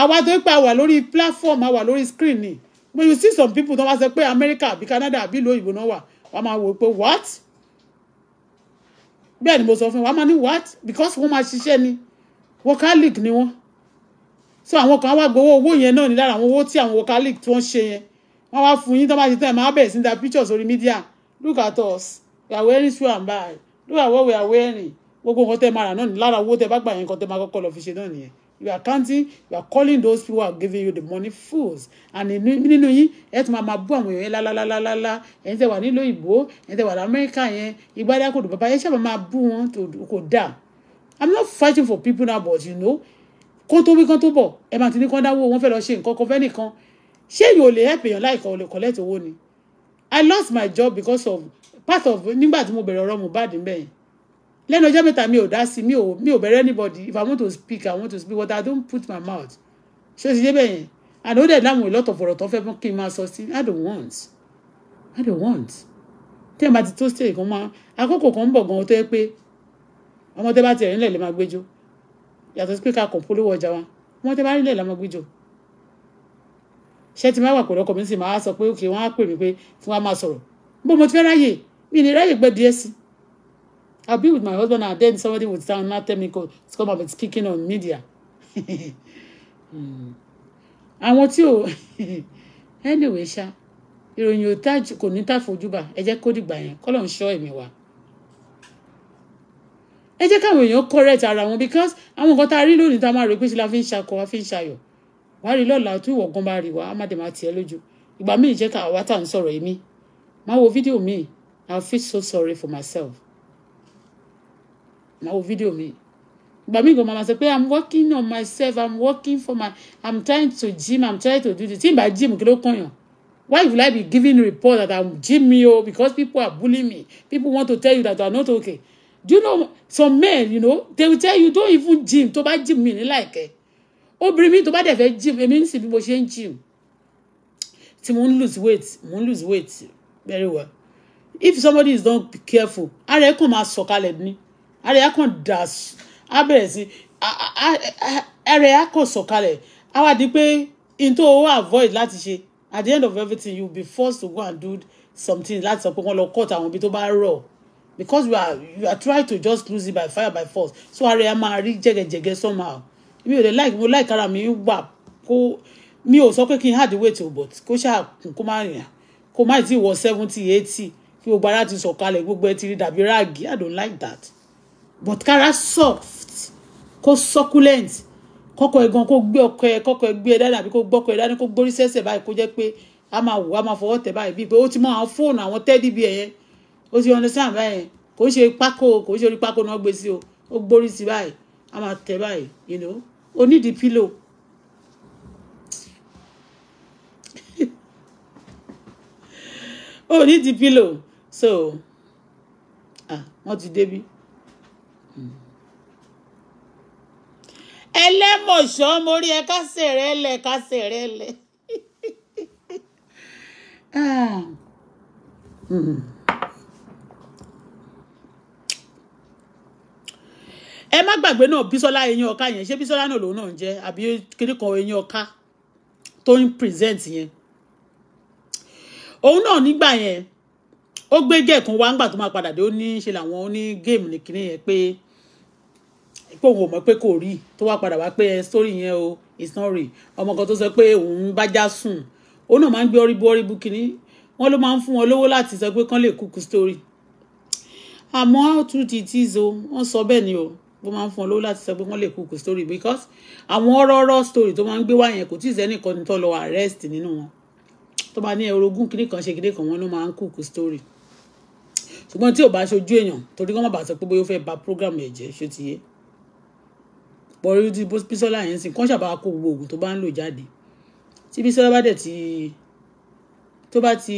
àwa tó ń pa wà lórí platform àwa lórí screen ni when you see some people tó wá sọ pé America àbí Canada àbí ìlú òyìnbó náà wà wàá máa wò pé what bẹ́ẹ̀ ni mo sọ fún wa máa ní what because wọ́n máa ṣiṣẹ́ ni workaholic ni wọ́n so àwọn kan wá gbowó owó yẹn náà ní lára àwọn owó tí àwọn workaholic tí wọ́n ṣe yẹn wọ́n wá fún yín tó bá ti tẹ̀ máa bẹ̀rẹ̀ sí da pictures orí media look at us we are wearing shoe and bag look at what we are wearing gbogbo nǹkan tẹ́ máa rà náà lára owó tẹ́ bá gbà yẹn nǹkan tẹ́ máa kọ́kọ́ lọ fi ṣe náà nìyẹn you are counting you are calling those people who are giving you the money fools and nínú yín ẹ tún máa máa bú àwọn èèyàn lálálálálá ẹ̀yin tẹ́ wà nílò ìbò ẹ̀yin tẹ́ wà ní Amẹ́ríkà yẹn ìgbádá kò dùn bàbá yẹn sábà máa bú wọn kò dáa i'm not fighting for people now but you know kó tó wí kán tó bọ̀ ẹ máa ti ní kán dáwó wọn fẹ́ lọ ṣe nǹkan kan fẹ́ nìkan ṣé èèyàn ò lè help èèyàn láìka ò lè collect owó ni i lost my job because of part of nígbà tí mo bẹ̀rẹ̀ ọ̀rọ̀ Mohbad mbẹ́ yẹn lẹ́nu ọjọ́ mẹ́ta mi ò dá sí mi ò mi ò bẹ̀rẹ̀ anybody if i want to speak i want to speak but i don't put my mouth ṣé o ti dé bẹ́ẹ̀ yẹn and ó dẹ̀ dáhùn ìlọ́tọ̀ fọ̀rọ̀ tó fẹ́ kí n máa sọ sí i don't want i don't want tí ẹ bá ti tó stage kan máa àkókò kan ń bọ̀ gan-an tó yẹ pé ọmọ bá ti rìn lẹ̀ lè máa gbẹ́jọ́ yàtọ̀ sí pé ká kàn polówó ọjà wa ọmọ bá rìn lẹ̀ lè máa gbẹ́jọ́ ṣé ti máa wà pẹ̀lú mi sì máa sọ pé òkè wọn á pè mí pé tí wọn máa sọ̀rọ̀ bó mo ti fẹ́ ráyè mi ní ráyè gbẹ díẹ̀ sí i be with my husband and then somebody would sound not tell me to come and be speaking on media hmm. àwọn tí ò anyway ṣá ìròyìn kò ní tàfojúbà ẹ jẹ́ kó dìgbà yẹn kọ́ ló ń ṣọ́ ẹ̀mí wa ẹ jẹ́ káwọn èèyàn correct ara wọn because àwọn nǹkan tá a rí lónìí tá a máa rò pé ṣe la fi ń ṣakọ a fi ń ṣayọ̀ wàá rí lọ́la tó ìwọ̀ gan bá rí wa á má dé máa tiẹ̀ lójú ìgbà míì jẹ́ ká àwa tá à ń sọ̀rọ̀ èmi máa wo fídíò míì I feel so sorry for myself máa wo fídíò míì ìgbà míì gan máa sọ pé I'm working on myself I'm working for my I'm trying to gym I'm trying to do this tí n bá gym kí ló kàn why would I be giving report that I'm gymming me o oh? because people are bullying me people want to tell you that you not okay do you know some men you know they will tell you don't even gym tó bá gym mi ní láìkẹ́ obìnrin mi tó bá dẹ̀ fẹ́ gym èmi ń sìn bí mo ṣe ń gym tí mo ń lose weight mo ń lose weight very well if somebody is be careful ara ẹ̀ kàn máa sọ̀kalẹ̀ ní ara ẹ̀ kàn dà á bẹ̀rẹ̀ sí ara ẹ̀ kàn sọ̀kalẹ̀ á wá di pé in tó o avoid láti ṣe at the end of everything you be forced to go and do something láti sọ pé wọ́n lọ cut àwọn ibi tó bá rọ̀ because you are you are trying to just lose it by fire by force so ara ẹ̀ máa rí jẹ́gẹ́jẹ́gẹ́ somehow mi ò dẹ̀ like mo like ara mi wà kó mi ò sọ pé kí n hard wait, o but kó ṣáà kún kó má rìn à kó má ti wọ seventy eighty kí gbogbo ara ti sọ̀kalẹ̀ gbogbo ẹ ti rí dàbí ráàgì i don't like that but kára soft kó succulent kọ́kọ́ ẹ̀ gan kó gbé ọkọ ẹ̀ kọ́kọ́ ẹ̀ gbé ẹ̀ dání àbí kó gbọ́kọ ẹ̀ dání kó gbórí sẹ́sẹ̀ báyìí kó jẹ́ pé a máa wò a máa fọwọ́ tẹ̀ báyìí bíi pé ó ti mọ àwọn fóònù àwọn tẹ́dí bíi ẹ̀yẹn ó ti understand báyìí kò ń ṣe pákó kò ń ṣe orí pákó náà gbé sí o ó gbórí sí báyìí a máa tẹ̀ báyìí you know onídìí pílò onídìí pílò so ah wọ́n ti débi. ẹlẹ́mọ̀ṣọ́ mo rí ẹ kásẹ̀ rẹ lẹ̀ kásẹ̀ rẹ lẹ̀. ah. Mm. ẹ má gbàgbé náà Bísọ́lá eyín ọ̀ka yẹn ṣé Bísọ́lá náà lòun náà ń jẹ́ àbí kiri kan eyín ọ̀ka tó ń present yẹn òun náà nígbà yẹn ó gbé gẹ̀ kan wá ńgbà tó máa padà dé ó ní ṣe làwọn ó ní géèmù ní kinní yẹn pé pé òun ò mọ̀ pé kò rí tó wá padà wá pé story yẹn o it's not real ọmọ kan tó sọ pé òun bá já sùn òun náà máa ń gbé ọrí bú kinní wọn ló máa ń fún wọn lówó láti sọ pé kán lè kúkú story àmọ́ tún ti tí zo wọ́n sọ bẹ́ẹ̀ ni o wọ́n máa ń fún ọ lówó láti sọ pé wọ́n lè kúkú story because àwọn ọ̀rọ̀ọ̀rọ̀ story tó máa ń gbé wá yẹn kò tí ì sẹ́nìkan tó lọ arrest nínú wọn tó bá ní orogún kinní kan ṣe kinní kan wọn ló máa ń kúkú story ṣùgbọ́n tí ò bá ṣojú èèyàn torí kọ́ mọ̀ bá sọ pé bóyá ó fẹ́ ba program ẹ̀ jẹ́ ṣó ti yé bọ́ọ̀rù tí bísọ́lá yẹn sìn kán ṣàbá kó gbogbo oògùn tó bá ń lò jáde tí bísọ́lá bá dẹ̀ ti tó bá ti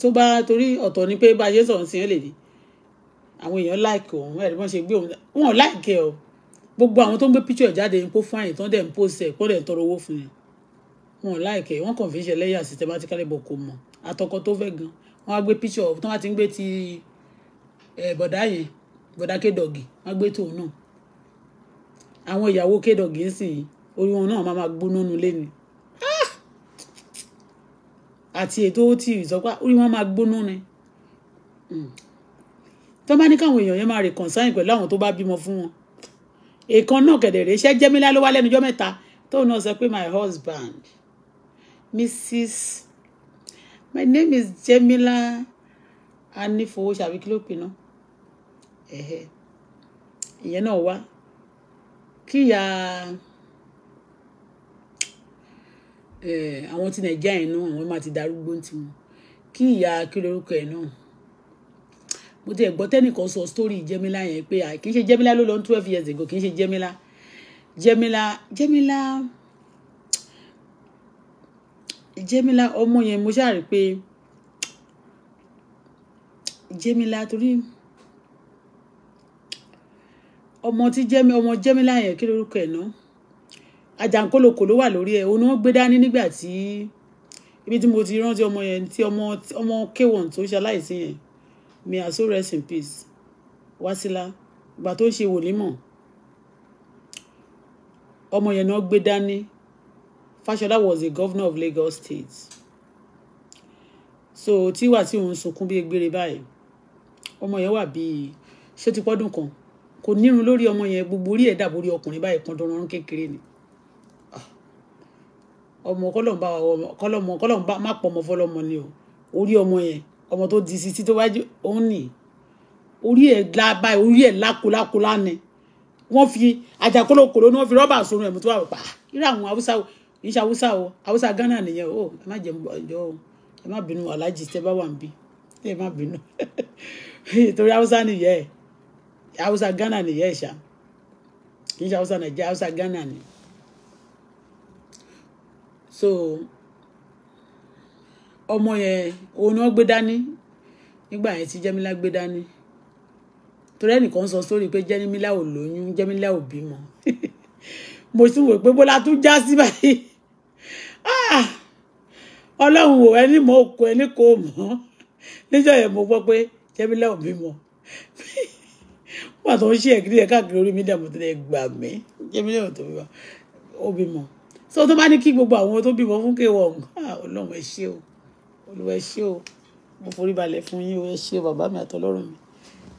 tó bá torí ọ̀tọ̀ ni pé bá a ṣe sọ̀rọ̀ sí ẹ lè ní àwọn èèyàn láìkè òun ẹ̀rí wọ́n ṣe gbé òun wọn láìkè ọ gbogbo àwọn tó ń gbé píṣọ ìjáde ń kó fún àyìn tán dẹ̀ ń post ẹ̀ kó dẹ̀ ń tọrọ owó fún yẹn wọn láìkè wọn kàn fi ń ṣe lẹ́yà systematically bọ̀ kò mọ̀ àtọkọ tó fẹ́ gan wọn á gbé píṣọ tó wọn ti ń gbé ti bọ̀dá yẹn bọ̀dá kédọ̀gì wọn á gbé tòun náà àwọn ìyàwó kédọ̀gì ń sìn orí wọn náà máa máa gbóná nulẹ̀ ni ah! àti ètò ó tì í sọ pé orí wọn máa gbóná ni hmm tó bá ní káwọn èèyàn yẹn máa rè concern pẹ̀lú àwọn tó bá bímọ fún wọn èèkan náà kẹ̀dẹ̀rẹ̀ iṣẹ́ jẹ́mílá ló wá lẹ́nujọ́ mẹ́ta tóun náà sọ pé my husband mrs my name is jẹ́mílá anífowó ṣàbí kí ló pinnu ẹ̀hẹ́ ìyẹn náà wá kíyà eh, àwọn tí nàìjíríà yẹn náà àwọn máa ti darúgbó tiwọn kíyà kí lorúkọ ẹ̀ náà mo ti ẹ̀ gbọ́ tẹ́nìkan sọ story Jẹ́mílà yẹn pé kì í ṣe Jẹ́mílà ló lọ ní twelve years ago kì í ṣe Jẹ́mílà Jẹ́mílà Jẹ́mílà Jẹ́mílà ọmọ yẹn mo ṣáà rí pé Jẹ́mílà torí ọmọ tí Jẹ́mi ọmọ Jẹ́mílà yẹn kí lorúkọ ẹ̀ náà ajankoloko ló wà lórí ẹ̀ òun ni wọ́n gbé dání nígbà tí ibi tí mo ti rántí ọmọ yẹn tí ọmọ ọmọ kéwọn tó ṣe aláìsí yẹn may her rest in peace wásílà ìgbà tó ń ṣe wòlímọ̀ ọmọ yẹn náà gbé dání Fashola was the governor of Lagos State so tíwà tí òun sunkún bí egbére báyìí ọmọ yẹn wà bíi ṣé ti pọ́dún kan kò nírun lórí ọmọ yẹn gbogbo orí ẹ̀ dàbò orí ọkùnrin báyìí kan dọ̀rọ̀ kékeré ni ọmọ kọlọmọ kọlọmọ má pọ ọmọ fọlọmọ ni o orí ọmọ yẹn ọmọ tó di sisi tó wájú òun nì orí ẹ̀ la báyìí orí ẹ̀ lákòlákòlá ni wọ́n fi àjàkóló kòló ni wọ́n fi rọ́bà sorun ẹ̀mú tó wà pa irú àwọn haúsá o kì í ṣe haúsá o haúsá Ghana nìyẹn o ẹ má jẹ ọjọ́ o ẹ má bínú aláàjì tẹ bá wà ń bí ẹ má bínú torí haúsá nìyẹn haúsá Ghana nìyẹn ṣá kì í ṣe haúsá Nàìjíríà haúsá Ghana ni so ọmọ yẹn òun ni wọ́n gbé dání nígbà yẹn tí Jẹ́mílá gbé dání torí ẹnìkan sọ sórí pé Jẹ́mílá ò lóyún Jẹ́mílá ò bímọ mo tún wò pé bọ́lá tún já sí báyìí ah! ọlọ́run wò ẹni mọ òkú ẹni kò mọ́ níjọ́ yẹn mo gbọ́ pé Jẹ́mílá ò bímọ wọ́n àtọ́wọ́n ṣe ẹ̀kí ẹ̀ káàkiri orí mi dàbò tẹ́lẹ̀ gbà mí Jẹ́mílá ò tó bímọ ó bímọ so tó bá ní kí gbogbo àwọn tó bímọ fún kéwọ̀n ah, ọlọ́run ẹ ṣé o olúwa ẹ ṣé o mo forí balẹ̀ fún yín o ẹ ṣé o bàbá mi àtọlọ́run mi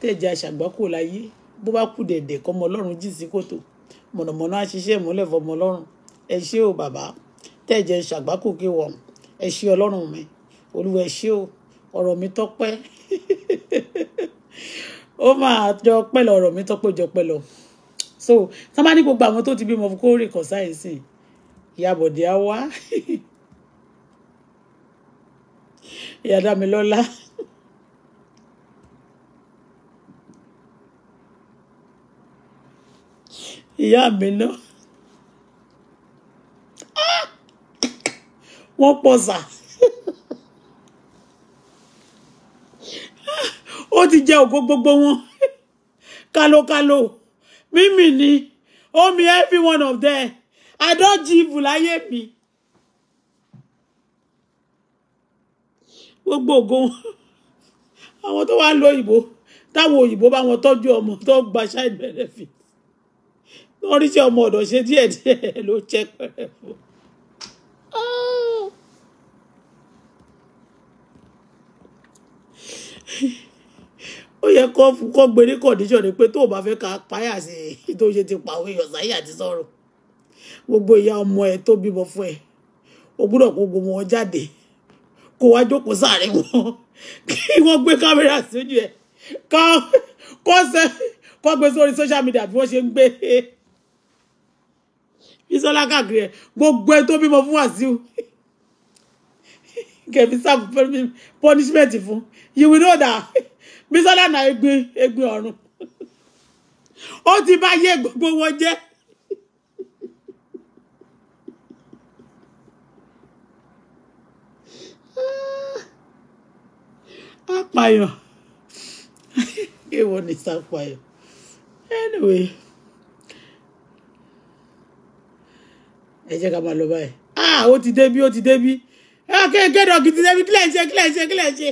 tẹ̀jẹ̀ àṣàgbákò láyé bó bá kù dẹ̀dẹ̀ kọ́ ọmọ ọlọ́run jì sí kòtò mọ̀nàmọ́ná àṣiṣẹ́ ìmọ́lẹ̀ fọmọ ọlọ́run ẹ ṣé o bàbá tẹ̀jẹ̀ àṣàgbákò kí wọ̀n ẹ ṣé ọlọ́run mi olúwa ẹ ṣé o ọ̀rọ̀ mi tọ́pẹ́ ó máa jọ pẹ́ lọ ọ̀rọ̀ mi tọ́pẹ́ jọ pẹ́ lọ so tí wọ́n bá ní gbogbo àwọn tó ti bímọ kó rè kọ́ sáyẹ̀nsì ìyá á wá ìyá Dámilọ́lá. ìyá mi náà ah! wọ́n pọ̀ sà ah! ó ti jẹ́ ògo gbogbo wọn kálókáló mímì ni omi every one of them I don't adọ́jì ibùláyé mi. gbogbo ògo wọn àwọn tó wá ń lo òyìnbó táwọn òyìnbó bá wọn tọ́jú ọmọ tó gba child benefit wọ́n rí sí ọmọ ọ̀dọ̀ ṣe díẹ̀díẹ̀ ló jẹ́ pẹ̀lẹ́ fún. ó yẹ kó kó gbé ní kọ̀díṣọ̀ ni pé tó o bá fẹ́ ka páyà sí i tó ṣe ti pàwé ọ̀sán yìí àti sọ̀rọ̀ gbogbo ìyá ọmọ ẹ tó bímọ fún ẹ o gbúdọ̀ kó gbogbo wọn jáde kó wá jókòó sáré wọn kí wọ́n gbé kámẹ́rà sójú ẹ̀ kọ́ gbé sórí social media bí wọ́n ṣe ń gbé Bísọ́lá káàkiri ẹ̀ gbogbo ẹ tó bímọ fún Wàsíù kẹ̀mí sáàbù punishment fún you will know that Bísọ́lá náà egbin egbin ọ̀run ó ti bá yé gbogbo wọn jẹ́. apààyàn èèwọ̀ ní sàpààyàn anyway ẹ jẹ́ ká máa lọ báyìí ah ó ti débí ó ti débí ah, kéèké dọ̀gì ti débí kílẹ̀ ṣe kílẹ̀ ṣe kílẹ̀ ṣe.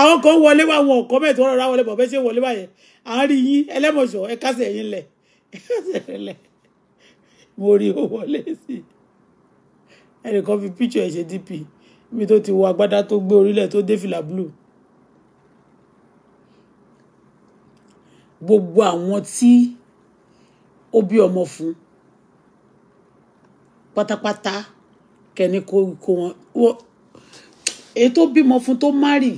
àwọn kan wọlé wá wọn ọkọ mẹ́ẹ̀ tó rọra wọlé bọ̀ bẹ́ẹ̀ ṣe wọlé báyẹn à ń rí yín ẹlẹ́mọ̀ṣọ́ ẹ kásẹ̀ yín lẹ̀ ẹ kásẹ̀ yín lẹ̀ mo rí ó wọlé sí i ẹnìkan fi píṣọ ẹ̀ ṣe dp mi tó ti wọ agbádá tó gbé orílẹ̀ tó dé fìlà blue gbogbo àwọn tí ó bí ọmọ fún pátápátá kẹni kó kó wọn èyí tó bímọ fún tó márì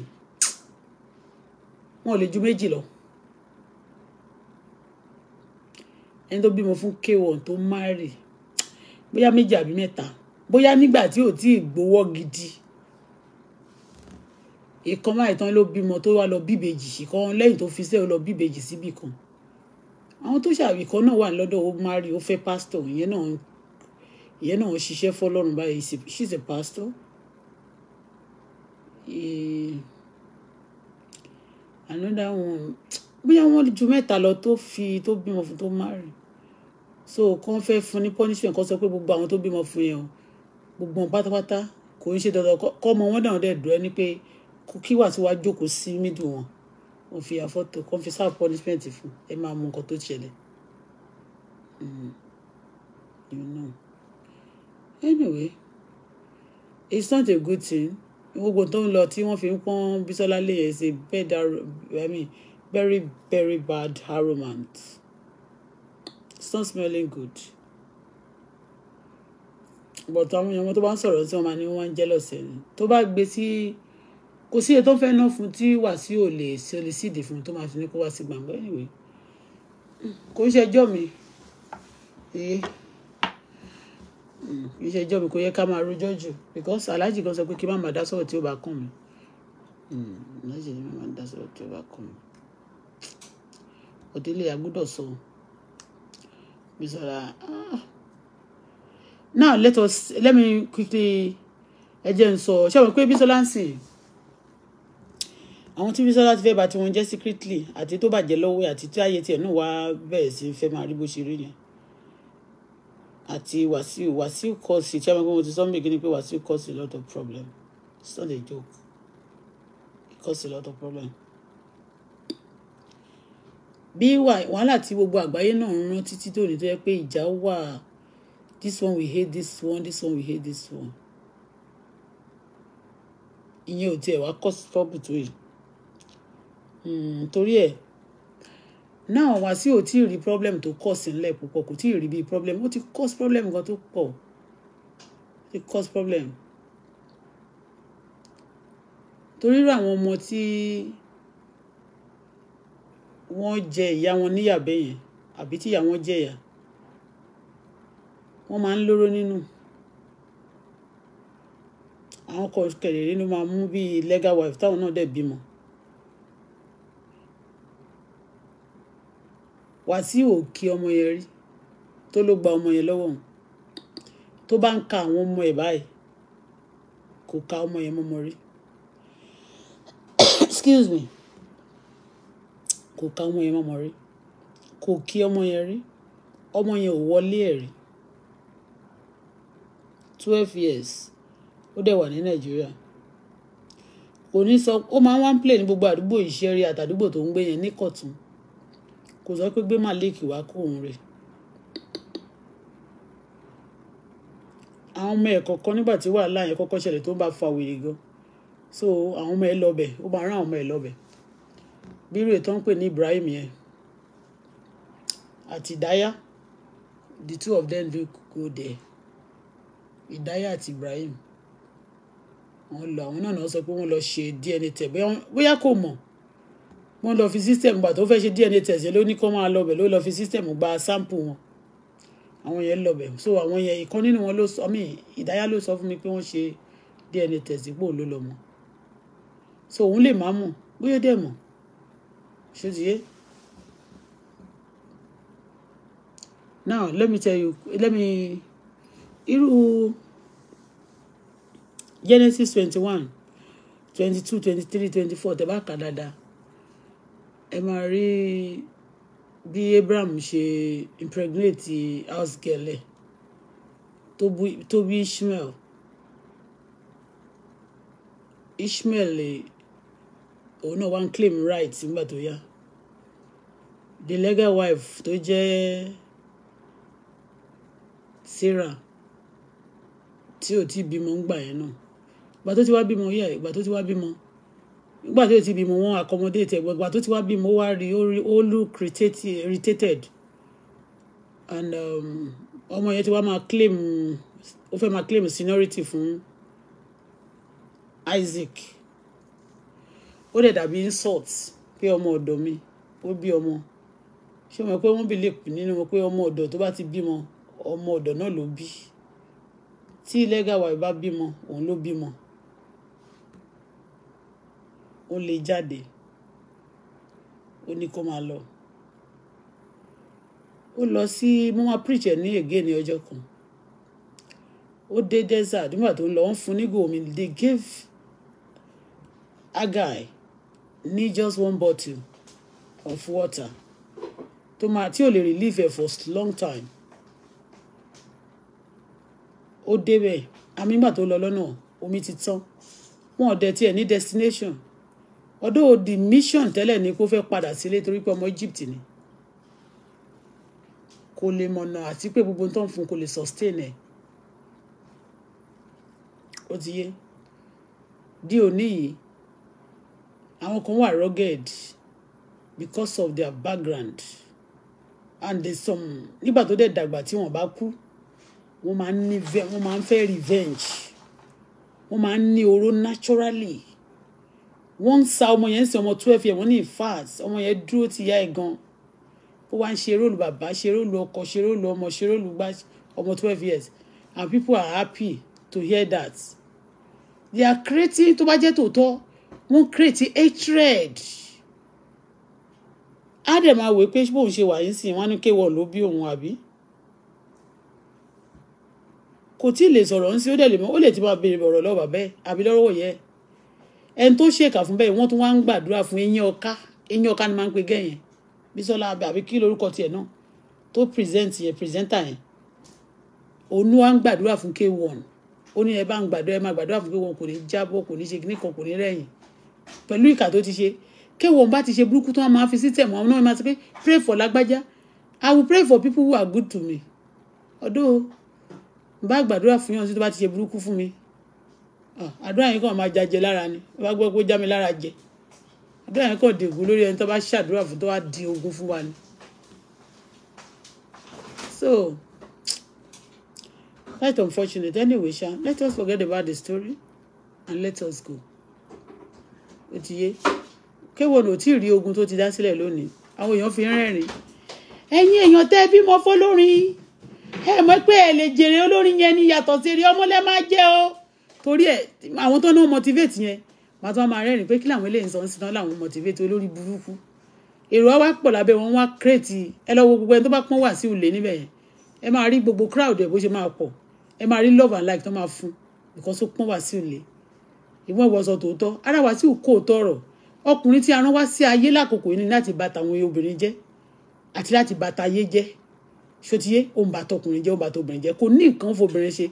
wọn ò lè ju méjì lọ. ẹni tó bímọ fún k1 tó márì bóyá méjì àbí mẹ́ta bóyá nígbà tí ò tí ì gbowó gidi ìkan báyìí tán ló bímọ tó wá lọ bíbejì ìkan lẹ́yìn tó fi sẹ́ ọ lọ bíbejì síbì kan àwọn tó ṣàbí kan náà wà lọ́dọ̀ ó márì ó fẹ́ pásítọ̀ ìyẹn náà ìyẹn náà ṣiṣẹ́ fọlọ́run báyìí she's a pastor another one bóyá wọ́n ju mẹ́ta lọ tó fi tó bímọ fún tó márì so kàn fẹ́ fún ní punishment kan sọ pé gbogbo àwọn tó bímọ fún yẹn o gbogbo wọn pátápátá kò ń ṣe dandan kọ́ ọmọ wọn náà dẹ̀ dùn ẹ́ ni pé kí wà tí wàá jókòó sí mídùn wọn ò fi àfọ́tò kàn fi sáà punishment fún ẹ máa mú nǹkan tó ṣẹlẹ̀ mm. you know anyway it's not a good thing gbogbo tó ń lọ tí wọ́n fi ń pọ́n Bísọ́lá lè yẹn ṣe bẹ́ẹ̀ dá I mean very, very bad aromant. It's not smelling good. But àwọn èèyàn tó bá ń sọ̀rọ̀ tí wọ́n máa ní wọ́n ń jealous ẹ̀ ni. Tó bá gbé sí kò sí èyí tó ń fún tí Wàsíù ò lè ṣe lè fún tó máa fi ní kó wá sí gbàngbà anyway. Kò ń ṣẹjọ́ mi. Hmm, kì í ṣe mi kò yẹ ká máa rojọ́ jù because aláàjì kan sọ pé kí má máa dá sọ̀rọ̀ tí ó bá kàn mí hmm, aláàjì ni má máa dá sọ̀rọ̀ tí ó bá kàn mí. Odile Agudoso. Bisola. Ah. Now let us let me quickly ẹ jẹ́ n sọ ṣé wọn pé Bisola ń sìn àwọn tí Bisola ti fẹ́ bá tiwọn jẹ́ secretly àti tó bàjẹ́ lọ́wọ́ àti tí ayé tiẹ̀ náà wá bẹ̀rẹ̀ sí fẹ́ máa rí bó ṣe rí yẹn àti Wàsíù Wàsíù kọ́ọ̀sì ṣé wọn pé mo ti sọ ń bèkí ni pé Wàsíù cause a lot of problem it's not a joke it cause a lot of problem bí wàhálà tí gbogbo àgbáyé náà ń rán títí tó ní tó yẹ pé ìjà wà this one we hate this one this one we hate this one ìyẹn ò tiẹ̀ wá kọ́ stọ́ọ̀bù tó yìí hmm, torí ẹ̀ náà wá sí ò tí ì rí problem tó kọ̀ sílẹ̀ púpọ̀ kò tí ì rí bí problem ó ti cause problem kan tó pọ̀ ti cause problem torí irú àwọn ọmọ tí. Tí wọ́n jẹ ìyá wọn níyà bẹ́ẹ̀ yẹn àbí tíyà wọn jẹ ìyà wọ́n máa ń lóró nínú àwọn kan kẹ̀lẹ̀ nínú máa mú bíi legal wife táwọn náà dẹ̀ bímọ. Wàsíù ò kí ọmọ yẹn rí tó ló gba ọmọ yẹn lọ́wọ́ òun tó bá ń ka àwọn ọmọ ẹ̀ báyìí kò ka ọmọ yẹn mọ́mọ́ rí excuse me kò ka ọmọ yẹn mọ́mọ́ rí kò kí ọmọ yẹn rí ọmọ yẹn ò wọlé ẹ̀ rí twelve years ó dẹ̀ wà ní nàìjíríà kò ní sọ ó máa ń wá ń play ní gbogbo àdúgbò ìṣeré àtàdúgbò tó ń gbé yẹn ní kọ̀tún kò sọ pé gbé malik wá kó òun rè àwọn ọmọ ẹ̀ kọ̀ọ̀kan nígbà tí wàhálà yẹn kọ́kọ́ ṣẹlẹ̀ tó ń bá fa wèrè gan so àwọn ọmọ ẹ̀ lọ́bẹ̀ ó máa rán àwọn ọmọ ẹ̀ lọ́bẹ̀ bírè tó ń pè ní Ibrahim yẹn àti Ìdáyà the two of them dey go there Ìdáyà àti Ibrahim wọ́n lọ àwọn náà sọ pé wọ́n lọ ṣe DNA test bóyá kò mọ̀ wọ́n lọ fi system gbà tó fẹ́ ṣe DNA test yẹn ló ní kó máa lọbẹ̀ ló lọ fi system gba sample wọn àwọn yẹn lọbẹ̀ so àwọn yẹn ìkan nínú wọn ló sọ mí Ìdáyà ló sọ fún mi pé wọ́n ṣe DNA test pò ló lọ mọ́ so òun lè má mọ̀ bóyá dẹ̀ mọ̀ ṣé ti now let me tell you let me Iru. Genesis twenty one twenty two twenty three twenty four tẹ́ bá kà dáadáa ẹ Abraham ṣe impregnate house girl ẹ̀ tó bí Ishmael Ishmael òun náà wá claim right nígbà tó yá the legal wife tó jẹ́ sarah tí ò tí bímọ ńgbà yẹn náà ìgbà tó ti wá bímọ yẹ ìgbà tó ti wá bímọ nígbà tó ti bímọ wọn accommodate ẹgbẹ ìgbà tó ti wá bímọ wá rí ó look irritated and um, ọmọ yẹn ti wá máa claim ó fẹ́ máa claim seniority fún Isaac ó dẹ̀ dàbí insult pé ọmọ ọ̀dọ̀ mi ó bí ọmọ ṣé o mọ̀ pé wọ́n believe nínú wọn pé ọmọ ọ̀dọ̀ tó bá ti bímọ ọmọ ọ̀dọ̀ náà ló bí tí legal wife bá bímọ òun ló bímọ ó lè jáde ó ní kó máa lọ ó lọ sí mo máa preach ẹ ní ègé ní ọjọ́ kan ó dé desert nígbà tó ń lọ wọn fún nígò omi they gave agai ní just one bottle of water tó máa tí ò lè relieve ẹ̀ for long time ó débẹ̀ amígbà tó lọ lọ́nà omi ti tán wọn ò tiẹ̀ ní destination ọdún òdì mission tẹ́lẹ̀ ni kó fẹ́ padà sílé torí pé ọmọ Egypt ni kò lè mọ̀nà àti pé gbogbo tó ń fún kò lè sustain ẹ̀ ó ti yé di òní yìí àwọn kan wà rugged because of their background and there's some nígbà tó dẹ̀ dàgbà tí wọ́n bá kú wọ́n máa ń ní wọ́n máa ń fẹ́ revenge wọ́n máa ń ní oró naturally wọ́n ń sa ọmọ yẹn sí ọmọ twelve yẹn wọ́n ní infarct ọmọ yẹn dúró ti yá ẹ̀ gan ó wá ń ṣe róòlù bàbá ṣe róòlù ọkọ ṣe róòlù ọmọ ṣe róòlù gbá ọmọ twelve years and people are happy to hear that they are creating tó bá jẹ́ tòótọ́ wọ́n create hatred á dẹ̀ máa wòó pé bóun ṣe wà yín sí wọn ní kéwọ́ ló bí òun àbí kò tí ì lè sọ̀rọ̀ ń sí ó dẹ̀ lè mọ́ ó lè ti máa béèrè ọ̀rọ̀ lọ́wọ́ bàbá ẹ̀ àbí lọ́wọ́ yẹ ẹni tó ṣèkà fún bẹ́ẹ̀ wọ́n tún wá ń gbàdúrà fún eyín ọká eyín ọká ni máa ń pe gẹ́yìn bísọ́lá abẹ àbí kí lórúkọ tiẹ̀ náà tó present yẹn presenter yẹn òun wá ń gbàdúrà fún k1 ó ní ẹ bá ń gbàdúrà ẹ máa gbàdúrà fún k1 kò ní jábọ́ kò ní ṣe kíní kò ní rẹ̀yìn pẹ̀lú ìkà tó ti ṣe kéwọ́n bá ti ṣe burúkú tó wọn máa fi sítẹ̀mù àwọn náà máa ti pé pray for lágbájá I will pray for people who are good to me ọ̀dọ́ bá gbàdúrà fún yàn sí tó bá ti ṣe burúkú fún mi ah, àdúrà yẹn kàn máa jajẹ lára ni bá gbọ́ pé ó já mi lára jẹ àdúrà yẹn kàn dègùn lórí ẹni tó bá ṣàdúrà fún tó wá di ogun fún wa ni. so quite unfortunate anyway sha let us forget about the story and let us go ó ti yé kéwo ló tí ì rí ogun tó ti dá sílẹ̀ lónìí àwọn èèyàn fi rẹ́rìn ẹ̀yin èèyàn tẹ́ bímọ fọlórin ẹ mọ̀ pé ẹ lè jèrè olórin yẹn ní yàtọ̀ sí eré ọmọlẹ́ máa jẹ́ o torí ẹ àwọn tó náà motivate yẹn màá tó máa rẹ́rìn pé kí làwọn eléyìí sọ ń siná làwọn motivate olórí burúkú èrò wa pọ̀ lábẹ́ wọn wá kírètì ẹ lọ wo gbogbo ẹni tó bá pọ́n wà sí ulẹ̀ níbẹ̀ yẹn ẹ máa rí gbogbo crowd ẹ̀ bó ṣe máa pọ̀ ẹ máa rí love and like tó máa fún because ó pọ́n wà sí ulẹ̀ ìwọ́n ìwọ́n sọ tòótọ́ ara wa sì kó tọrọ ọkùnrin tí a rán wá sí ayé lákòókò yìí ni láti bà tàwọn obìnrin jẹ́ àti láti bà tayé jẹ́ ṣòtíyé òun bà tọkùnrin jẹ́ òun bà tobìnrin jẹ́ kò ní nǹkan fobìnrin ṣe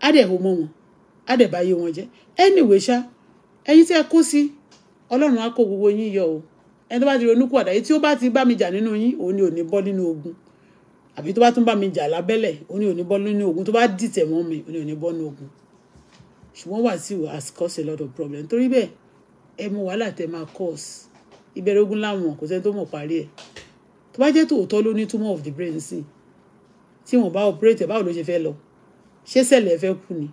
á dẹ̀ hó mọ́ wọn á dẹ̀ báyé wọn jẹ́ anyway ṣá ẹ̀yin tí ẹ kó sí ọlọ́run á kó gbogbo yín yọ o ẹni tó bá ti ronú kú àdáyé tí ó bá ti bá mi jà nínú yín òun ni ò ní bọ́ nínú ogun àbí tó bá tún bá mi jà lábẹ́lẹ̀ òun ni ò ní bọ́ nínú ogun tó bá dìtẹ̀ mọ́ mi òun ni ò ní bọ́ nínú ogun ṣùgbọ́n Wàsíù has caused a lot of problems. torí bẹ́ẹ̀ ẹ mọ wàhálà tẹ máa cause ìbẹ̀rẹ̀ ogun láwọn kò sẹ́ni tó mọ̀ parí ẹ̀ tó bá jẹ́ tòótọ́ ló ní tumor of the brain sí tí wọ́n bá operate báwo ló ṣe fẹ́ lọ ṣé sẹ́lẹ̀ fẹ́ kú ni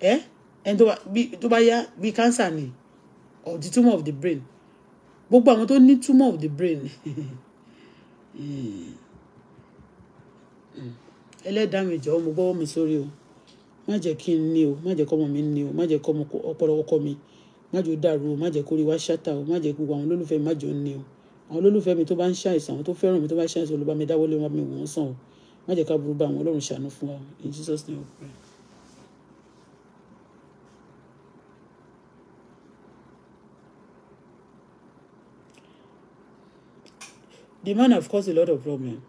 ẹ ẹni tó bá yá bí cancer ni or the tumor of the brain gbogbo àwọn tó ní tumor of the brain ẹlẹ́dàá mi jọ̀ọ́ mo gbọ́wọ́ mi sórí o má jẹ́ kí n ní o má jẹ́ kọ́mọ mi ní o má jẹ́ kọ́mọ ọpọlọ ọkọ mi má jẹ́ dàrú o má jẹ́ kórè ṣáta o má jẹ́ gbogbo àwọn olólùfẹ́ mi má jẹ́ ní o àwọn olólùfẹ́ mi tó bá ń ṣàìsàn àwọn tó fẹ́ràn mi tó bá ń ṣàìsàn olùbámi dáwọ́lé wọn bá mi wọ́n sàn o má jẹ́ ká burú bá àwọn ọlọ́run ṣàánú fún wa in Jesus name we pray. The man have caused a lot of problem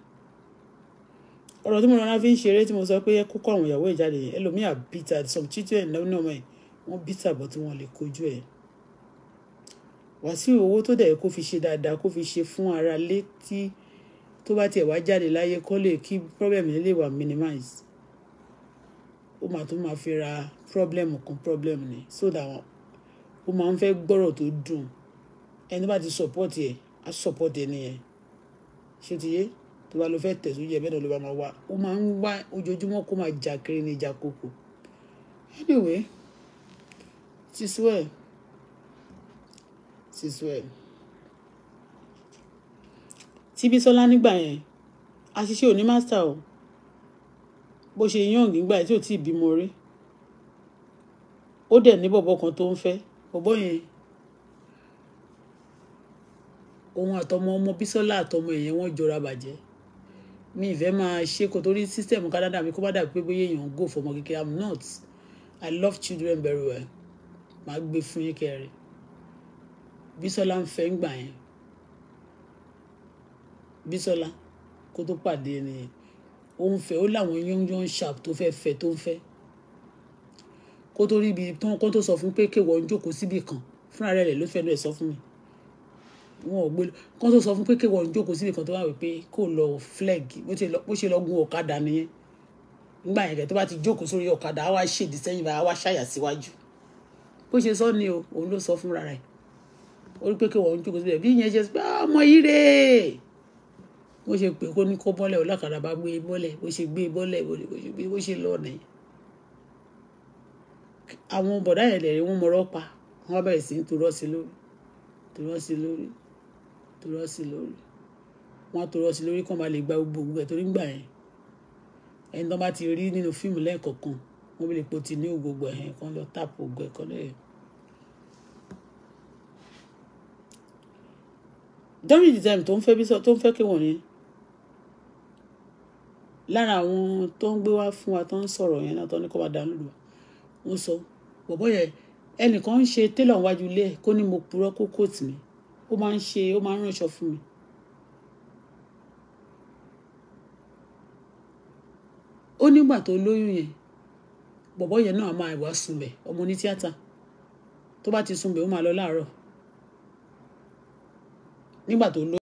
ọ̀rọ̀ tí mo rọra fi ń ṣeré tí mo sọ pé ẹ kó kọ́ àwọn ìyàwó ẹ̀ jáde yẹn ẹlòmíà bíta some children lọ́nà ọmọ ẹ̀ wọ́n bíta bọ́ tí wọ́n lè kojú ẹ̀ Wàsíù owó tó dẹ̀ kó fi ṣe dáadáa kó fi ṣe fún ara létí tó bá tiẹ̀ wá jáde láyé kó lè kí problem yẹn lè wà minimize ó máa tún máa fi ra problem kan problem ni so that ó máa ń fẹ́ gbọ́rọ̀ tó dùn ẹni bá ti support ẹ̀ á support ẹ̀ nìyẹn ṣé o ti yé tó bá lọ fẹ́ tẹ̀sùn jẹ bẹ́ẹ̀ náà ló bá máa wá ó máa ń wá ojoojúmọ́ kó máa jà kiri ní ìjà koko anyway tiswell tiswell Tíbísọ́lá nígbà yẹn àṣìṣe òní master o bó ṣe yàn nígbà tí ò tí ì bímọ rí ó dẹ̀ ní bọ̀bọ̀ kan tó ń fẹ́ bọ̀bọ̀ yẹn òun àtọmọ ọmọ Bísọ́lá àtọmọ ẹ̀yẹn wọ́n jọra bàjẹ́ mi ìfẹ́ máa ṣe kò torí system Canada mi kó má dàbí pé bóyá èèyàn go fọmọ kékeré i'm not i love children very well màá gbé fún yín kẹrin Bísọ́lá ń fẹ́ ń gbà yẹn Bísọ́lá kó tó pàdé nìyẹn ó ń fẹ́ ó láwọn young sharp tó fẹ́ fẹ́ tó ń fẹ́ kó tó rí ibi tán kó tó sọ fún pé kéwọ́ ń jókòó síbì kan fúnra rẹ̀ ló fẹ́nu ẹ̀ sọ fún mi wọn ò gbé kán tó sọ fún pé kéwọ́n ń jókòó síbi kan tó wà wípé kò lọ flag bó ṣe lọ gun ọ̀kadà nìyẹn nígbà yẹn kẹ́ tó bá ti jókòó sórí ọ̀kadà á wá ṣèdí sẹ́yìn báyìí á wá ṣàyà síwájú bó ṣe sọ ni o òun ló sọ fúnra rẹ̀ ó rí pé kéwọ́n ń jókòó síbẹ̀ bí ìyẹn ṣe pé ah, ọmọ yìí rè é bó ṣe pè kó ní kó bọ́lẹ̀ ọlọ́kadà bá gbé e bọ́lẹ̀ bó ṣe gbé e bọ́lẹ̀ e, bó ṣe lọ nìyẹn àwọn bọ̀dá yẹn lẹ̀ rí wọn mọ̀rọ́ pa wọn bẹ̀rẹ̀ sí ń turọ́ sí lórí turọ́ lórí tó rọ́ sí lórí wọ́n á tó rọ́ sí lórí kó máa lè gba gbogbo ògùn ẹ̀ torí ń gbà yẹn ẹni tó bá ti rí nínú fíìmù lẹ́ẹ̀kọ̀ọ̀kan wọ́n lè po ti ní ògbógbò ẹ̀hìn kan lọ táàpù ògbó ẹ̀kọ́ lẹ́yìn. during the time tó ń fẹ́ bí tó ń fẹ́ kí wọ̀nyí lára àwọn tó ń gbé wá fún wa tó ń sọ̀rọ̀ yẹn náà tó ní kó wa dànù lù wá sọ bọ̀bọ̀ yẹn ẹnìkan ń ṣe télọ̀ wájú ilé kó ní mo purọ́ kó kóòtù mi ó máa ń ṣe ó máa ń ránṣọ fún mi. ó nígbà tó lóyún yẹn bọ̀bọ́ yẹn náà máa wá sunbẹ̀ ọmọ ní tíátà tó bá ti sunbẹ̀ ó máa lọ láàárọ̀ nígbà tó lóyún.